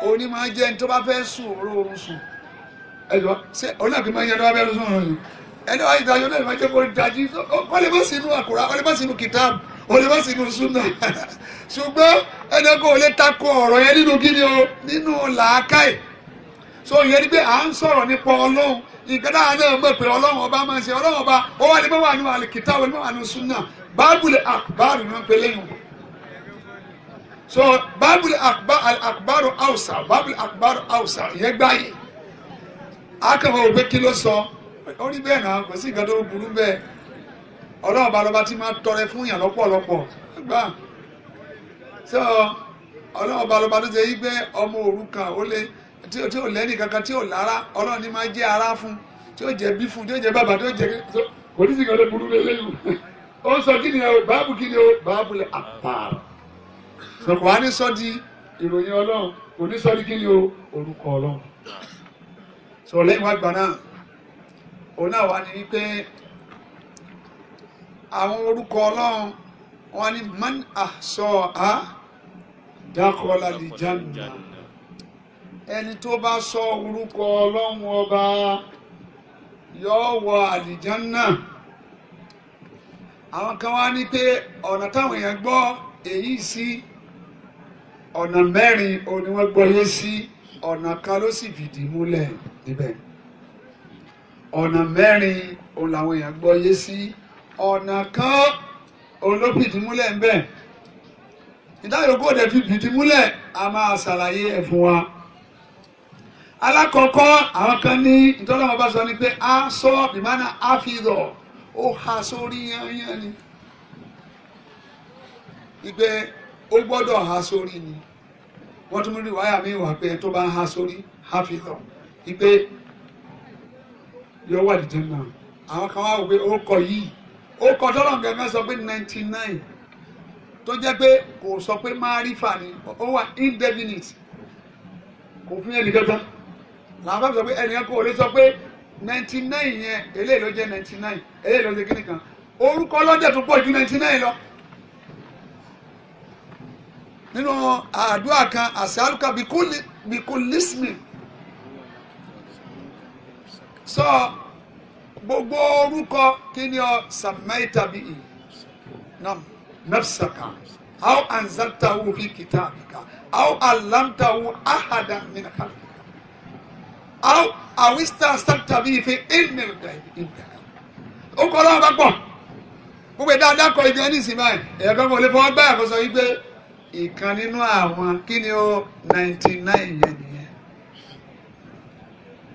òní máa ń jẹ́ ní tó bá fẹ́ sùn oorun sùn ẹ̀jọ̀ ṣé òun náà fi máa ń jẹ́ tó bá fẹ́ sùn oorun yìí ẹni wáyé ìdájọ́ náà lè máa jẹ́ kó dájú ó lè má sínú àkùrá ó lè má sínú kìtáàbù ó lè má sínú súnà ṣùgbọ́n ẹni kò lè tako ọ̀rọ̀ yẹn nínú kíni o nínú làákàyè so ìyẹn ni pé à ń sọ̀rọ̀ nípa ọlọ́run nǹkan náà náà mọ̀ pé ọlọ́run ọba máa ń ṣe ọlọ́run ọba ó wà ní mẹ́wàá ní wàhálì kìtà mẹ́wàá ní sunna báàbùlẹ̀ àkùbárù náà pé lẹ́yìn wọn. so báàbùlẹ̀ àkùbárù àwùsà báàbùlẹ̀ àkùbárù àwùsà ìyẹn gbáyé akọ̀wé òwe kí ló sọ ó rí bẹ́ẹ̀ náà kò sí nǹkan tó burú bẹ́ẹ̀ ọlọ́run ọba lọ́ba ti máa tọrẹ fún yàn lọ́pọ̀lọpọ̀ so ọlọ́run ọba lọ́ba tó ṣe yí pé ọmọ òrukàn ó lé tí ò tí ò lẹ́nì kankan tí ò lára ọlọ́run ni máa jẹ́ ara fún tí ó jẹ́ bí fún tí ó jẹ́ bàbá tí ó jẹ́ kò ní sìnkàn lè burú lélẹ́yìn ó sọ kí ni o báàbù kí ni o báàbù lè àpààrọ̀ sọ̀kọ̀ wá ní sọ́ di ìròyìn ọlọ́run kò ní sọ́ di kí ni o orúkọ ọlọ́run sọ lẹ́yìn wá gbà náà òun náà wá ní wípé àwọn orúkọ ọlọ́run wọn ni man àṣọ á dákọ̀ọ́lá náà ẹni tó bá sọ orúkọ ọlọ́run ọba yóò wọ àlìjánná àwọn kan wá ní pé ọ̀nà táwọn èèyàn gbọ́ èyí sí ọ̀nà mẹ́rin òun ni wọ́n gbọ́ yé sí ọ̀nà kan ló sì fìdí múlẹ̀ níbẹ̀ ọ̀nà mẹ́rin òun làwọn èèyàn gbọ́ yé sí ọ̀nà kan òun ló fìdí múlẹ̀ níbẹ̀ ìdájọ́ kó dẹ̀ fi fìdí múlẹ̀ a máa ṣàlàyé ẹ̀ fún wa alákọ̀ọ́kọ́ àwọn kan ní ìtọ́lọ́mọ bá sọ ni pé a sọ ìmánà àfihàn ó ha sórí yányán ni ìgbẹ́ ó gbọ́dọ̀ ha sórí ni wọ́n tún rí wáyà mi wà pé tó bá ń ha sórí àfihàn ìgbẹ́ yóò wà dídé náà àwọn kan wá wò pé ó kọ yìí ó kọ tọ́lọ́mọ gẹ́gẹ́ sọ pé ninety nine tó jẹ́ pé kò sọ pé máa rí fà ni ó wà indefinite kò fún ẹnì kankan làwọn bá sọ pé ẹnìkan kò lè sọ pé ninety nine yẹn eléyìí ló jẹ́ ninety nine eléyìí ló jẹ́ kíni kan orúkọ lọ́jọ́ tó pọ̀ ju ninety nine lọ. nínú àdúrà kan àṣàlùkà bìkúlísìmì sọ gbogbo orúkọ kíni ọ sàmẹ́ta bíi nam nafsaka aw anzaltahu fi kitabika aw alamtahu ahadan min aw awista santabi fi ilmil gaibi inda o kọ lọ́wọ́ bá pọ̀ gbogbo ẹ̀dá adákọ̀ ibi ẹni sì báyìí ẹ̀yọ́ kan kò lè fọwọ́ báyà kó sọ wípé ìkan nínú àwọn kí ni ó ninety nine yẹn nìyẹn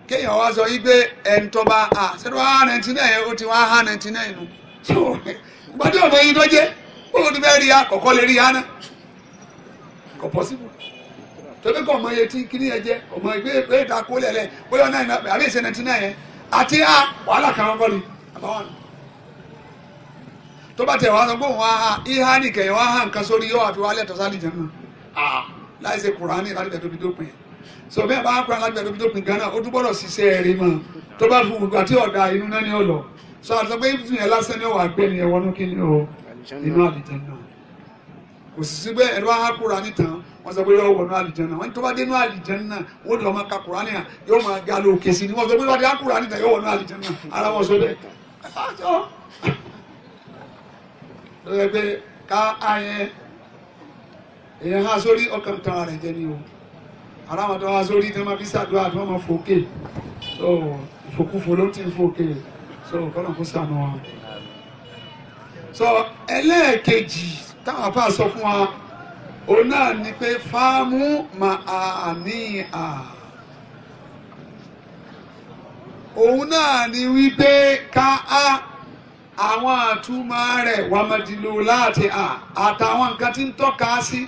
kéèyàn wá sọ wípé ẹni tó bá a ṣẹ́ni wá ninety nine ó ti wá há ninety nine nù gbọ́dọ̀ ọmọ yìí tó jẹ́ bóun ti fẹ́ rí a kọ̀kọ́ lè rí a náà kò possible torí kò mọ iye tí kíní yẹn jẹ́ ọmọ ìgbé ìgbé ìdàkó lẹ̀lẹ̀ bóyá náà iná àbí ìṣẹ̀ náà ti náà yẹn àti a wàhálà kan kọ́ ni àbáwọn. tó bá tẹ̀ wá sọ pé òun á ihá nìkẹ́ yẹn wá hàn kan sórí yóò àfi wálẹ̀ tó sálì jẹun náà láì ṣe kùránì láti bẹ̀ tóbi tó pin so bẹ́ẹ̀ bá kùránì láti bẹ̀ tóbi tó pin gan náà ó tún gbọ́dọ̀ ṣiṣẹ́ rí mọ́ tó bá fún gbogbo àti ọ̀dà inú náà ni ó lọ so àti sọ pé ibùsùn yẹn lásán ni ó wà gbé ni ẹ̀wọ̀n kí ni ó inú àlìjẹ náà kò sì sí pé ẹ̀rọ á kúra nítan wọ́n sọ pé yóò wọnú àlìjánná wọ́n tó bá dénú àlìjánná wọ́n lọ máa ka kùránì hàn yóò máa ga lókè sí ni wọ́n sọ pé wọ́n ti á kùránì tán yóò wọnú àlìjánná ara wọn sọ bẹ́ẹ̀. lọ́sọ̀ pé ká ayẹ èèyàn há sórí ọkàn tán ara jẹ ni o ara wọn tó há sórí tí wọ́n máa fi ṣàdúrà tí wọ́n máa fòkè so ìfòkúfò ló ti fòkè so kọ́nà kó sànù wa. so ẹlẹ́ẹ̀kejì táwọn àfáà sọ fún wa òun náà ni pé fáámù màá ní à òun náà ni wípé ká á àwọn àtúmọ̀ rẹ̀ wàmọ̀dìlò láti à àtàwọn nǹkan tí ń tọ́ka sí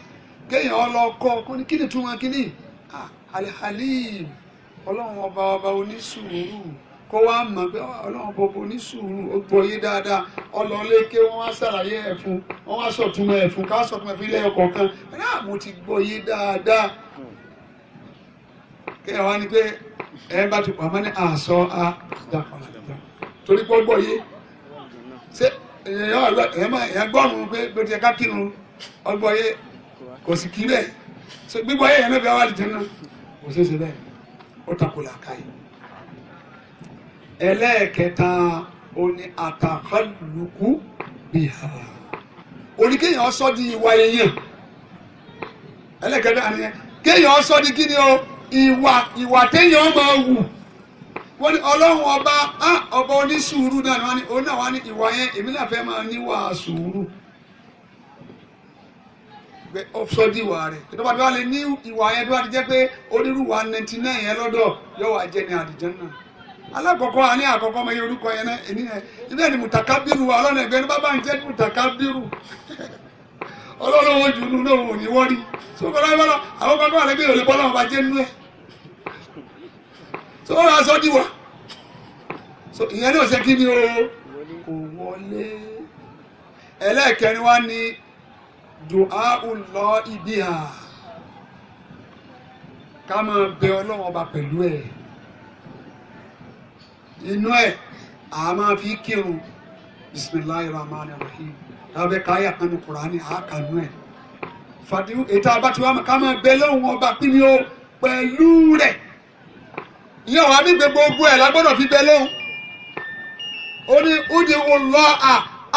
kéèyàn lọ kọ́ ni túmọ̀ kí ni alihalim ọlọ́run ọba ọba onísùúrù kó wá mọ̀ pé ah, ọlọ́run gbogbo ní sùúrù ó gbọ́yé dáadáa ọlọ́lé ké wọ́n wá ṣàlàyé ẹ̀ fún wọ́n wá sọ̀túnmọ̀ ẹ̀ fún ká sọ̀túnmọ̀ ẹ̀ fún ilé ẹ̀kọ́ kan náà mo ti gbọ́yé dáadáa kẹ́ ẹ wá ní pé ẹ bá ti pàmò ní àṣọ a dàpọ̀ torí pé ó gbọ́yé ṣé èèyàn gbọ́rùn pé bó ti ẹ̀ ká kírun ọgbọ́yé kò sì kí bẹ́ẹ̀ gbígbọ́yé yẹn náà fi wá wà lìjẹ́ náà kò ṣeé ṣe bẹ́ẹ̀ ó takò làákàyè ẹlẹ́ẹ̀kẹta oní àtàkọ́lùkù bìhà oníkéèyàn sọ di ìwà èèyàn ẹlẹ́ẹ̀kẹta nìyẹn kéèyàn sọ di kí ni o ìwà ìwà téèyàn máa wù wọ́n ní ọlọ́run ọba á ọba onísùúrù náà ni wọ́n ní òun náà wá ní ìwà yẹn èmi náà fẹ́ máa níwà sùúrù sọ di ìwà rẹ̀ tó bá ti wá lè ní ìwà yẹn tó bá ti jẹ́ pé onírúwà ninety yẹn lọ́dọ̀ yóò jẹ́ ní àdìjẹ́ náà alákọ̀ọ́kọ́ a ní àkọ́kọ́ ọmọ yẹn orúkọ yẹn náà ẹni yẹn ibẹ̀ ni mùtàkábírù wa ọlọ́run ẹ̀gbẹ́ ni bàbá ń jẹ́ mùtàkábírù ọlọ́run wọn jù nù náà wọn ò ní wọ́rí sọgbọ́n lọ́wọ́ àwọn kan tó wà lẹ́gbẹ̀ẹ́ òlùkọ́ náà wọ́n bá jẹ́ nú ẹ̀ tó wọ́n aṣọ dìwà ìyẹn náà ṣe kí ni o kò wọlé ẹlẹ́ẹ̀kẹrin wá ní dùn ká máa bẹ ọlọ́run ọba pẹ̀lú ẹ̀ inú ẹ̀ a máa fi kírun bisimilayi rahman rahim tàbí káyà kanu kurani àákànú ẹ̀ fàdíhù ètò abatiwa ká máa gbé lóhùn ọba pínlẹ̀ o pẹ̀lú rẹ̀ ìyẹn wàá ní gbogbo ogun ẹ̀ lágbọ́dọ̀ fi gbé lóhùn ó ní údi wùlọ́ à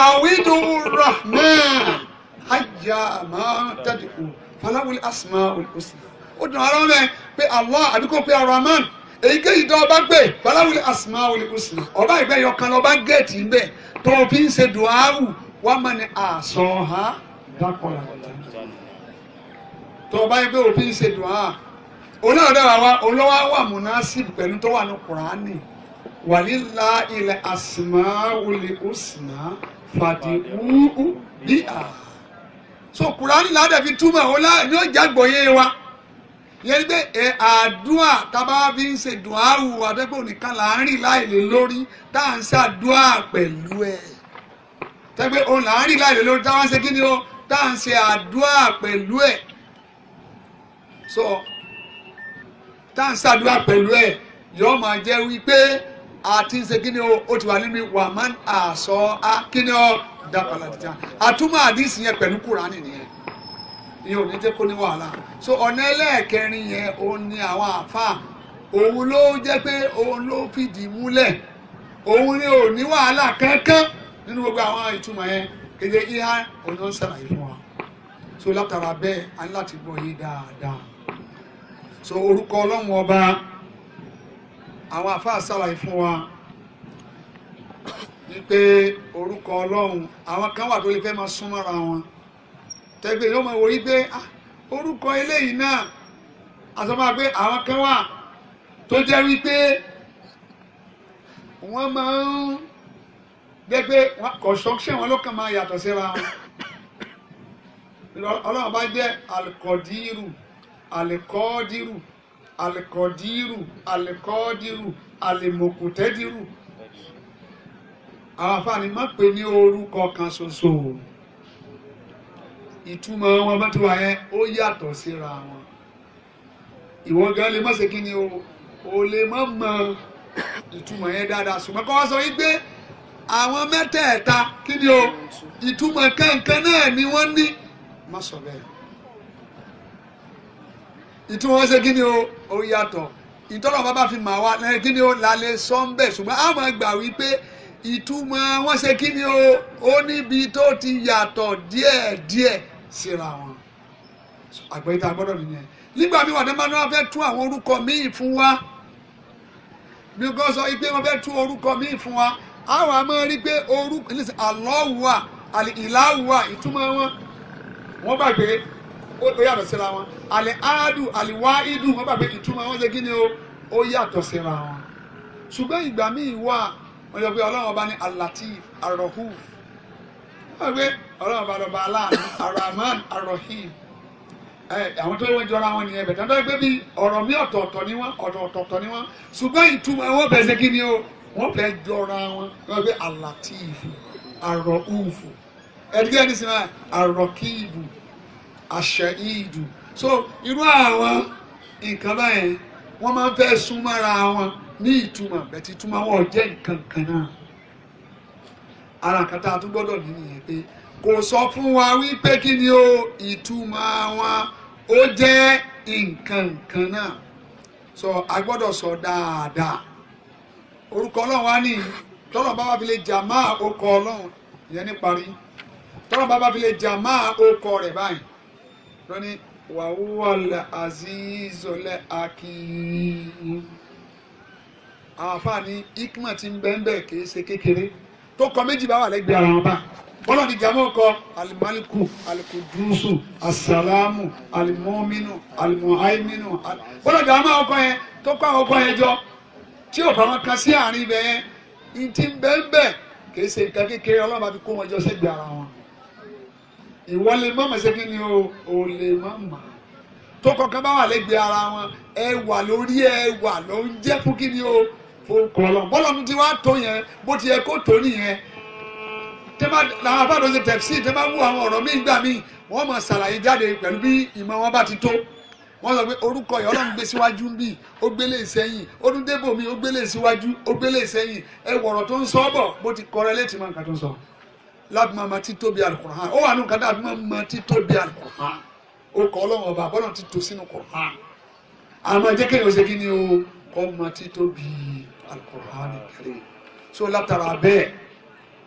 àwídù rahman ajá máa tẹ̀dùkù faláwìlì asma olùkọ́sí ó dùn ara wọn bẹ́ẹ̀ pé Allah àbíkó pé arahman èyíkéyìí tó ọba gbé faláwìlì asmaul husna ọba ìgbẹ yọkan lọba géètì ńbẹ tó o fi ń ṣe duawu wà á mọni àṣọ ha dákọlà tó ọba ìgbẹ o fi ń ṣe duawu onáàdá wa olówó wà múnásìbì pẹ̀lú tó wà ní kùránì wàlílà ilẹ̀ asmaul husna fàdíwúú bíà so kùránì ládàbí túmọ̀ ọ̀la ni ó jágbọ̀ yé wa yẹn gbé ẹ àdúà tábà fi ń ṣe dùn áwù àtẹ́kùn nìkan là ń rìn láìlè lórí tá à ń ṣàdúà pẹ̀lú ẹ̀ tẹ́gbẹ́ òun là ń rìn láìlè lórí táwọn ṣe kí ni ó tá à ń ṣe àdúà pẹ̀lú ẹ̀ sọ tá à ń ṣàdúà pẹ̀lú ẹ̀ yọ máa jẹ́ wípé àti ṣe kí ni ó ó ti wà nínú wàmán àṣọ á kí ni ó dàpọ̀ làdìjà àtúmọ̀ àdìsí yẹn pẹ̀lú Kùránì nìyẹn ìyẹn ò ní jẹ́ kó ní wàhálà so ọ̀nà ẹlẹ́ẹ̀kẹrin yẹn òun ni àwọn àáfàá òun ló jẹ́ pé òun ló fìdí múlẹ̀ òun ni ò ní wàhálà kankan nínú gbogbo àwọn ìtumọ̀ yẹn kéde ìhà òun ló fún wa so látara bẹ́ẹ̀ a ní láti gbọ́ yé dáadáa so orúkọ ọlọ́run ọba àwọn àáfàá ṣàlàyé fún wa wípé orúkọ ọlọ́run àwọn kan wà tó lè fẹ́ máa sún mọ́ra wọn tẹ́gbẹ́ yóò máa wòrí pé ah, orúkọ eléyìí náà àsọmọ́ pé àwọn kan wà tó jẹ́ wípé wọ́n máa ń gbẹ́gbẹ́ construction wọn ló kàn máa yàtọ̀ síra wọn ọlọ́run bá jẹ́ alikọ́dírù alikọ́dírù alikọ́dírù alikọ́dírù alimokutẹ́dírù àwọn afáàní máa ń pè ní orúkọ kan ṣoṣo ìtumọ̀ wọn bá ti wà yẹn ó yàtọ̀ síra wọn ìwọ gan lè má ṣe kí ni o ò lè má mọ ìtumọ̀ yẹn dáadáa ṣùgbọ́n kọ́ wọ́n sọ yí pé àwọn mẹ́tẹ̀ẹ̀ta kí ni o ìtumọ̀ kankan náà ni wọ́n ní má sọ bẹ́ẹ̀ ìtumọ̀ wọn ṣe kí ni o ó yàtọ̀ ìtọ́lọ̀ bàbá fi mà wá lẹ́yìn kí ni ó lálẹ́ sọ́ńbẹ̀ ṣùgbọ́n a máa gbà wípé ìtumọ̀ wọn ṣe kí ni o ó níbi tó ti yàtọ̀ díẹ̀díẹ̀ síra wọn àgbẹ̀yìí tá a gbọ́dọ̀ nìyẹn nígbà míì wà ní manuwa fẹ́ tún àwọn orúkọ míì fún wa bí wọ́n sọ pé wọ́n fẹ́ tún orúkọ míì fún wa àwọn àmọ́ rí pé orúkọ Allahu wa àlè ìlàwù wa ìtumọ̀ wọn wọ́n gbàgbé ó yàtọ̀ síra wọn àlè áádù àlè wáídù wọ́n gbàgbé ìtumọ̀ wọn ṣe kí ni o ó yàtọ̀ síra wọn ṣùgbọ́n ìgbà míì wà wọ́n yọ pé ọlọ́run ọba ní alatif arahuf wọ́n gbàgbé ọlọ́run bá lọ́ba aláàánú arahman arahim àwọn tó wọ́n jọra wọn nìyẹn bẹ̀tẹ̀ nítorí pé bí ọ̀rọ̀ mi ọ̀tọ̀ọ̀tọ̀ ni wọ́n ọ̀tọ̀ọ̀tọ̀ ni wọ́n ṣùgbọ́n ìtumọ̀ wọn bẹ̀ ṣe kí ni o wọ́n fẹ́ jọra wọn wọ́n fẹ́ alatifu arọ̀húfù ẹ̀dígẹ́ ní sinmi arọ̀kíìbù àṣẹ̀yìdù so irú àwọn nǹkan báyẹn wọ́n máa ń fẹ́ sún mọ́ra wọn ní ìtumọ̀ bẹ̀tẹ̀ ìtumọ̀ wọn ò jẹ́ nǹkan kan náà ara nǹkan tá a tún kò sọ fún wa wípé kí ni o ìtumọ̀ wọn ó jẹ́ nǹkan kan náà sọ a sọ dáadáa orúkọ ọlọ́run wa ní tọ́lọ̀ bá wà fi lè jà máa okọ ọlọ́run ìyẹn ní parí tọ́lọ̀ bá wà fi lè jà máa okọ rẹ̀ báyìí lọ́ni wàhúwàlẹ̀ àzízọlẹ̀ akínyìn àwọn afáàní ikma ti ń bẹ́ńbẹ́ kì í ṣe kékeré tó kọ méjì bá wà lẹ́gbẹ̀ẹ́ ara wọn báyìí bọ́lá ni jamu kọ alimaliku alikudusu asalamu alimominu alimuhaiminu bọ́lá jamu ọkọ yẹn tó kọ àwọn ọkọ yẹn jọ tí o fara kan sí àárín ibẹ̀ yẹn ìtì bẹ́ẹ̀bẹ́ kìí ṣe nǹkan kékeré ọlọ́run àbí kó wọn jọ sẹ́gbẹ̀ẹ́ ara wọn ìwọ lè má màá kí ni o ò lè má mà tó kọ̀ọ̀kan bá wà lẹ́gbẹ̀ẹ́ ara wọn ẹ wà lórí ẹ wà ló ń jẹ́ fún kí ni o fún kọ̀ọ̀lọ́ bọ́lá mi ti wá tó yẹn bó ti yẹ kó tó nìyẹn tẹ́bá làwọn afáàdó ṣe tẹ̀sí tẹ́bá wú àwọn ọ̀rọ̀ míì gbà míì wọ́n mọ̀ ṣàlàyé jáde pẹ̀lú bí ìmọ̀ wọn bá ti tó wọ́n sọ pé orúkọ yìí ọlọ́run gbé síwájú ń bì ó gbélé sẹ́yìn ó dún débò mi ó gbélé síwájú ó gbélé sẹ́yìn ẹ wọ̀rọ̀ tó ń sọ ọ́ bọ̀ bó ti kọ́ra létí máa ń kà tó ń sọ. lábùmọ̀ máa ti tóbi alukur'an ó wà nù kàdá àbúmọ̀ máa ti tóbi alukur'an ó kọ́ ọlọ́run ọba àbọ̀nà ti tó sínú kur'an. àmọ́ jẹ́ kéèyàn ṣe kí ni o kọ́ máa ti tóbi alukur'an kiri so látara bẹ́ẹ̀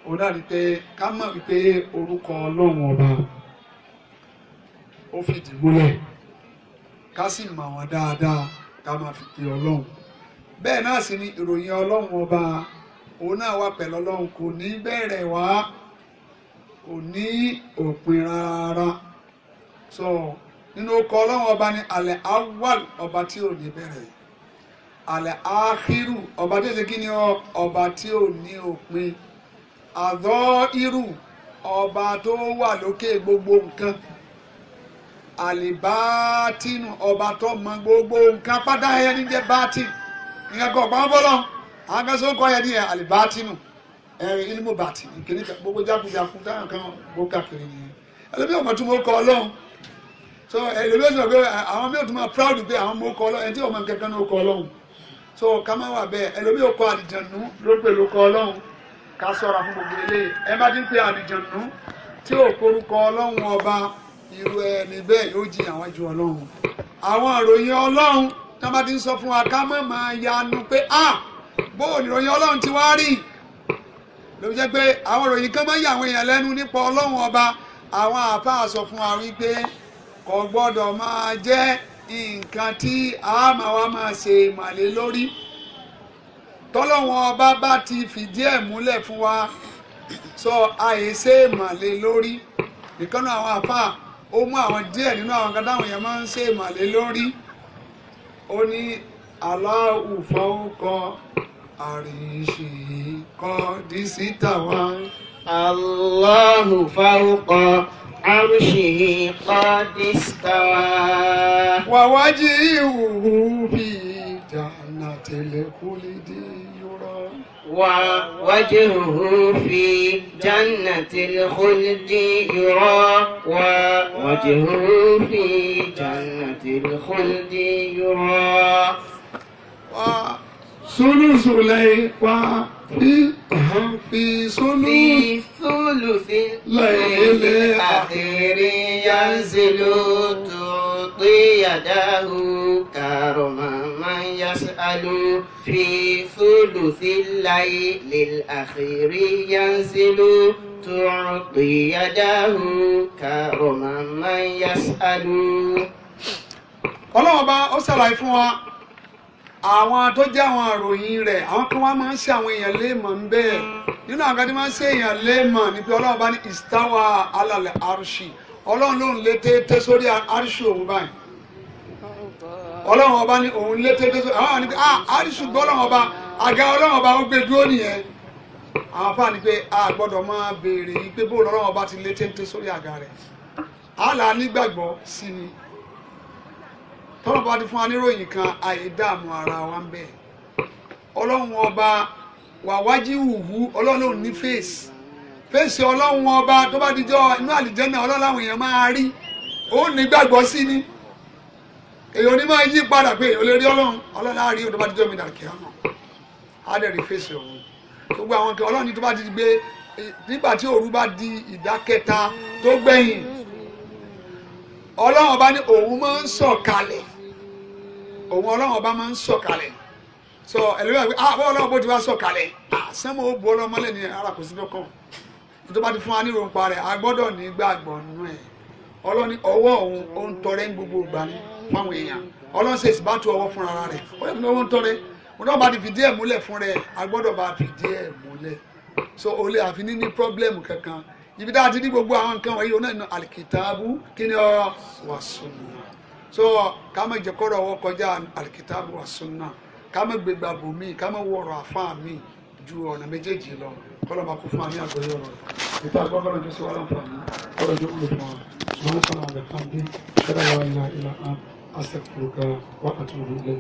òun náà ni pé ká mọ̀ wípé orúkọ ọlọ́run ọba ó fìdí múlẹ̀ ká sì mọ̀ wọn dáadáa ká máa fi pe ọlọ́run bẹ́ẹ̀ náà sì ni ìròyìn ọlọ́run ọba òun náà wà pẹ̀lú ọlọ́run kò ní bẹ̀rẹ̀ wá kò ní òpin rárá sọ. nínú orúkọ ọlọ́run ọba ni alẹ́ awal ọba tí ò ní bẹ̀rẹ̀ alẹ́ ahiru ọba tí ó ṣe kí ni ọba tí ò ní òpin. azọ irú ọba tó wà lókè gbogbo nǹkan àlìbátínù ọba tó mọ gbogbo nǹkan pátá ẹyẹ ní nke bátínù nǹkan kan ọ̀pọ̀ bọ́lọ̀ yẹn ní àlìbátínù ẹ̀rìn ilmu bátínù kìíní gbogbo jákujàku táwọn kan gbó kàkiri nìyẹn ọmọ tó mọ kọ́ ọlọ́run so pé àwọn mi ò tún proud pé àwọn mọ ọmọ so ló pè ló ká sọ̀ra fún gbogbo eléyìí ẹ bá dín pé àlìjànú tí ò korúkọ ọlọ́run ọba irú ẹni bẹ́ẹ̀ yóò jìyà wọ́n ju ọlọ́run àwọn ìròyìn ọlọ́run tí a. bá ti ń sọ fún wa ká má máa yanu pé ah bóòlù ìròyìn ọlọ́run ti wá rí ló jẹ́ pé àwọn ìròyìn kan máa ń yà àwọn èèyàn lẹ́nu nípa ọlọ́run ọba àwọn àáfàá sọ fún wa wípé kò gbọ́dọ̀ máa jẹ́ nǹkan tí a máa wá máa ṣe màlẹ́ tọ́lọ́wọ́n ọba bá ti fìdí ẹ̀ múlẹ̀ fún wa sọ àìsè màlẹ́ lórí ìkànnì àwọn àfà ó mú àwọn díẹ̀ nínú àwọn kan táwọn èèyàn máa ń ṣe màlẹ́ lórí ó ní aláwù fọwọ́kọ àríṣì kọ́ dísítà wa. Allahu fawqa àríṣì kọ́ dísítà wa. wàwájú ìhùhù bíi. جنة الخلد يرى ووجهه في جنة الخلد يرى ووجهه في جنة الخلد يرى وثلث ليل في ثلث الليل الأخير ينزل pé yàdáhù kàrọ̀mọ̀ máa ń yá sálú fi fúlù sí láyé lè àṣírí yánṣẹ́lú tọrọ pé yàdáhù kàrọ̀mọ̀ máa ń yá sálú. ọlọ́wọ́n bá ó ṣàlàyé fún wa àwọn tó jẹ́ àwọn àròyìn rẹ̀ àwọn kan wá máa ń ṣe àwọn èèyàn léèmọ̀ ń bẹ́ẹ̀ nínú àwọn máa ń ṣe èèyàn léèmọ̀ ní pé bá ní ìsítáwà alàlẹ̀ arṣì ọlọ́run ló ń lé tété sórí àríṣù òun báyìí ọlọ́run ọba ní òun lé tété sórí àwọn a ah, àríṣù gbọ́ ọlọ́run ọba àga ọlọ́run ọba ó gbé dúró nìyẹn àwọn afáàní pé a gbọ́dọ̀ máa béèrè yìí pé bóun ọlọ́run ọba ti lé tété sórí àga rẹ̀ àlà nígbàgbọ́ sí ni tọ́lọ́ bá ti fún wa níròyìn kan àìdààmú ara wa ń bẹ̀ ọlọ́run ọba wàwájú wùwú ọlọ́run ní fèsì fèsì ọlọ́run ọba tó bá dijọ́ inú àlìjẹ́nà ọlọ́run àwọn èèyàn máa rí òun ní gbàgbọ́ sí ni èèyàn ní máa yí padà pé èèyàn lè rí ọlọ́run ọlọ́run á rí tó bá dijọ́ mi dàkẹ́ ọ̀hún á dẹ̀ rí fèsì ọ̀hún gbogbo àwọn kan ọlọ́run tó bá ti gbé nígbà tí òru bá di ìdá kẹta tó gbẹ̀yìn ọlọ́run ọba ní òun máa ń sọ̀kalẹ̀ òun ọlọ́run ọba máa ń sọ̀kalẹ̀ sọ ẹlẹ́wọ̀n pé ah bọ́ ọlọ́run bó ti wá sọ̀kalẹ̀ ah sẹ́mo ó bu ọlọ́run mọ́lẹ̀ ní ara lọ́kàn tó bá ti fún wa ní ìròǹpa rẹ̀ a gbọ́dọ̀ ní gbàgbọ́ nínú ẹ̀ ọlọ́ni ọwọ́ òun ó ń tọrẹ ní gbogbo ìgbà ní fáwọn èèyàn ọlọ́run ṣe ìsìnbá tó ọwọ́ fúnra rẹ̀ ọyọ́ mi lọ́wọ́ ń tọrẹ mo náà bá ti fìdí ẹ̀ múlẹ̀ fún rẹ̀ a gbọ́dọ̀ bá fìdí ẹ̀ múlẹ̀ so o lè àfi ní ní pírọ́blẹ́mù kankan ibi tá a ti ní gbogbo àwọn nǹkan wọ̀nyí òun náà ní alikitaabu kí ni ọ̀rọ̀ wà sunna so ká má jẹ́ kọ́rọ̀ ọwọ́ kọjá alikitaabu wà sunna ká má gbégbá bòmíì ká má wọ̀rọ̀ àfáà míì ju ọ̀nà méjèèjì lọ kọ́lọ̀ máa kó fún wa ní àgbẹ̀yẹ ọ̀rọ̀ ìta gbọ́ kọ́lọ̀ jọ sí wa láǹfààní kọ́lọ̀ jọ kúrò fún wa ṣùgbọ́n kọ́lọ̀ àgbẹ̀ kan bí ṣẹ́dá wa ìlà ìlà àṣẹ kúrò ká wákàtí òru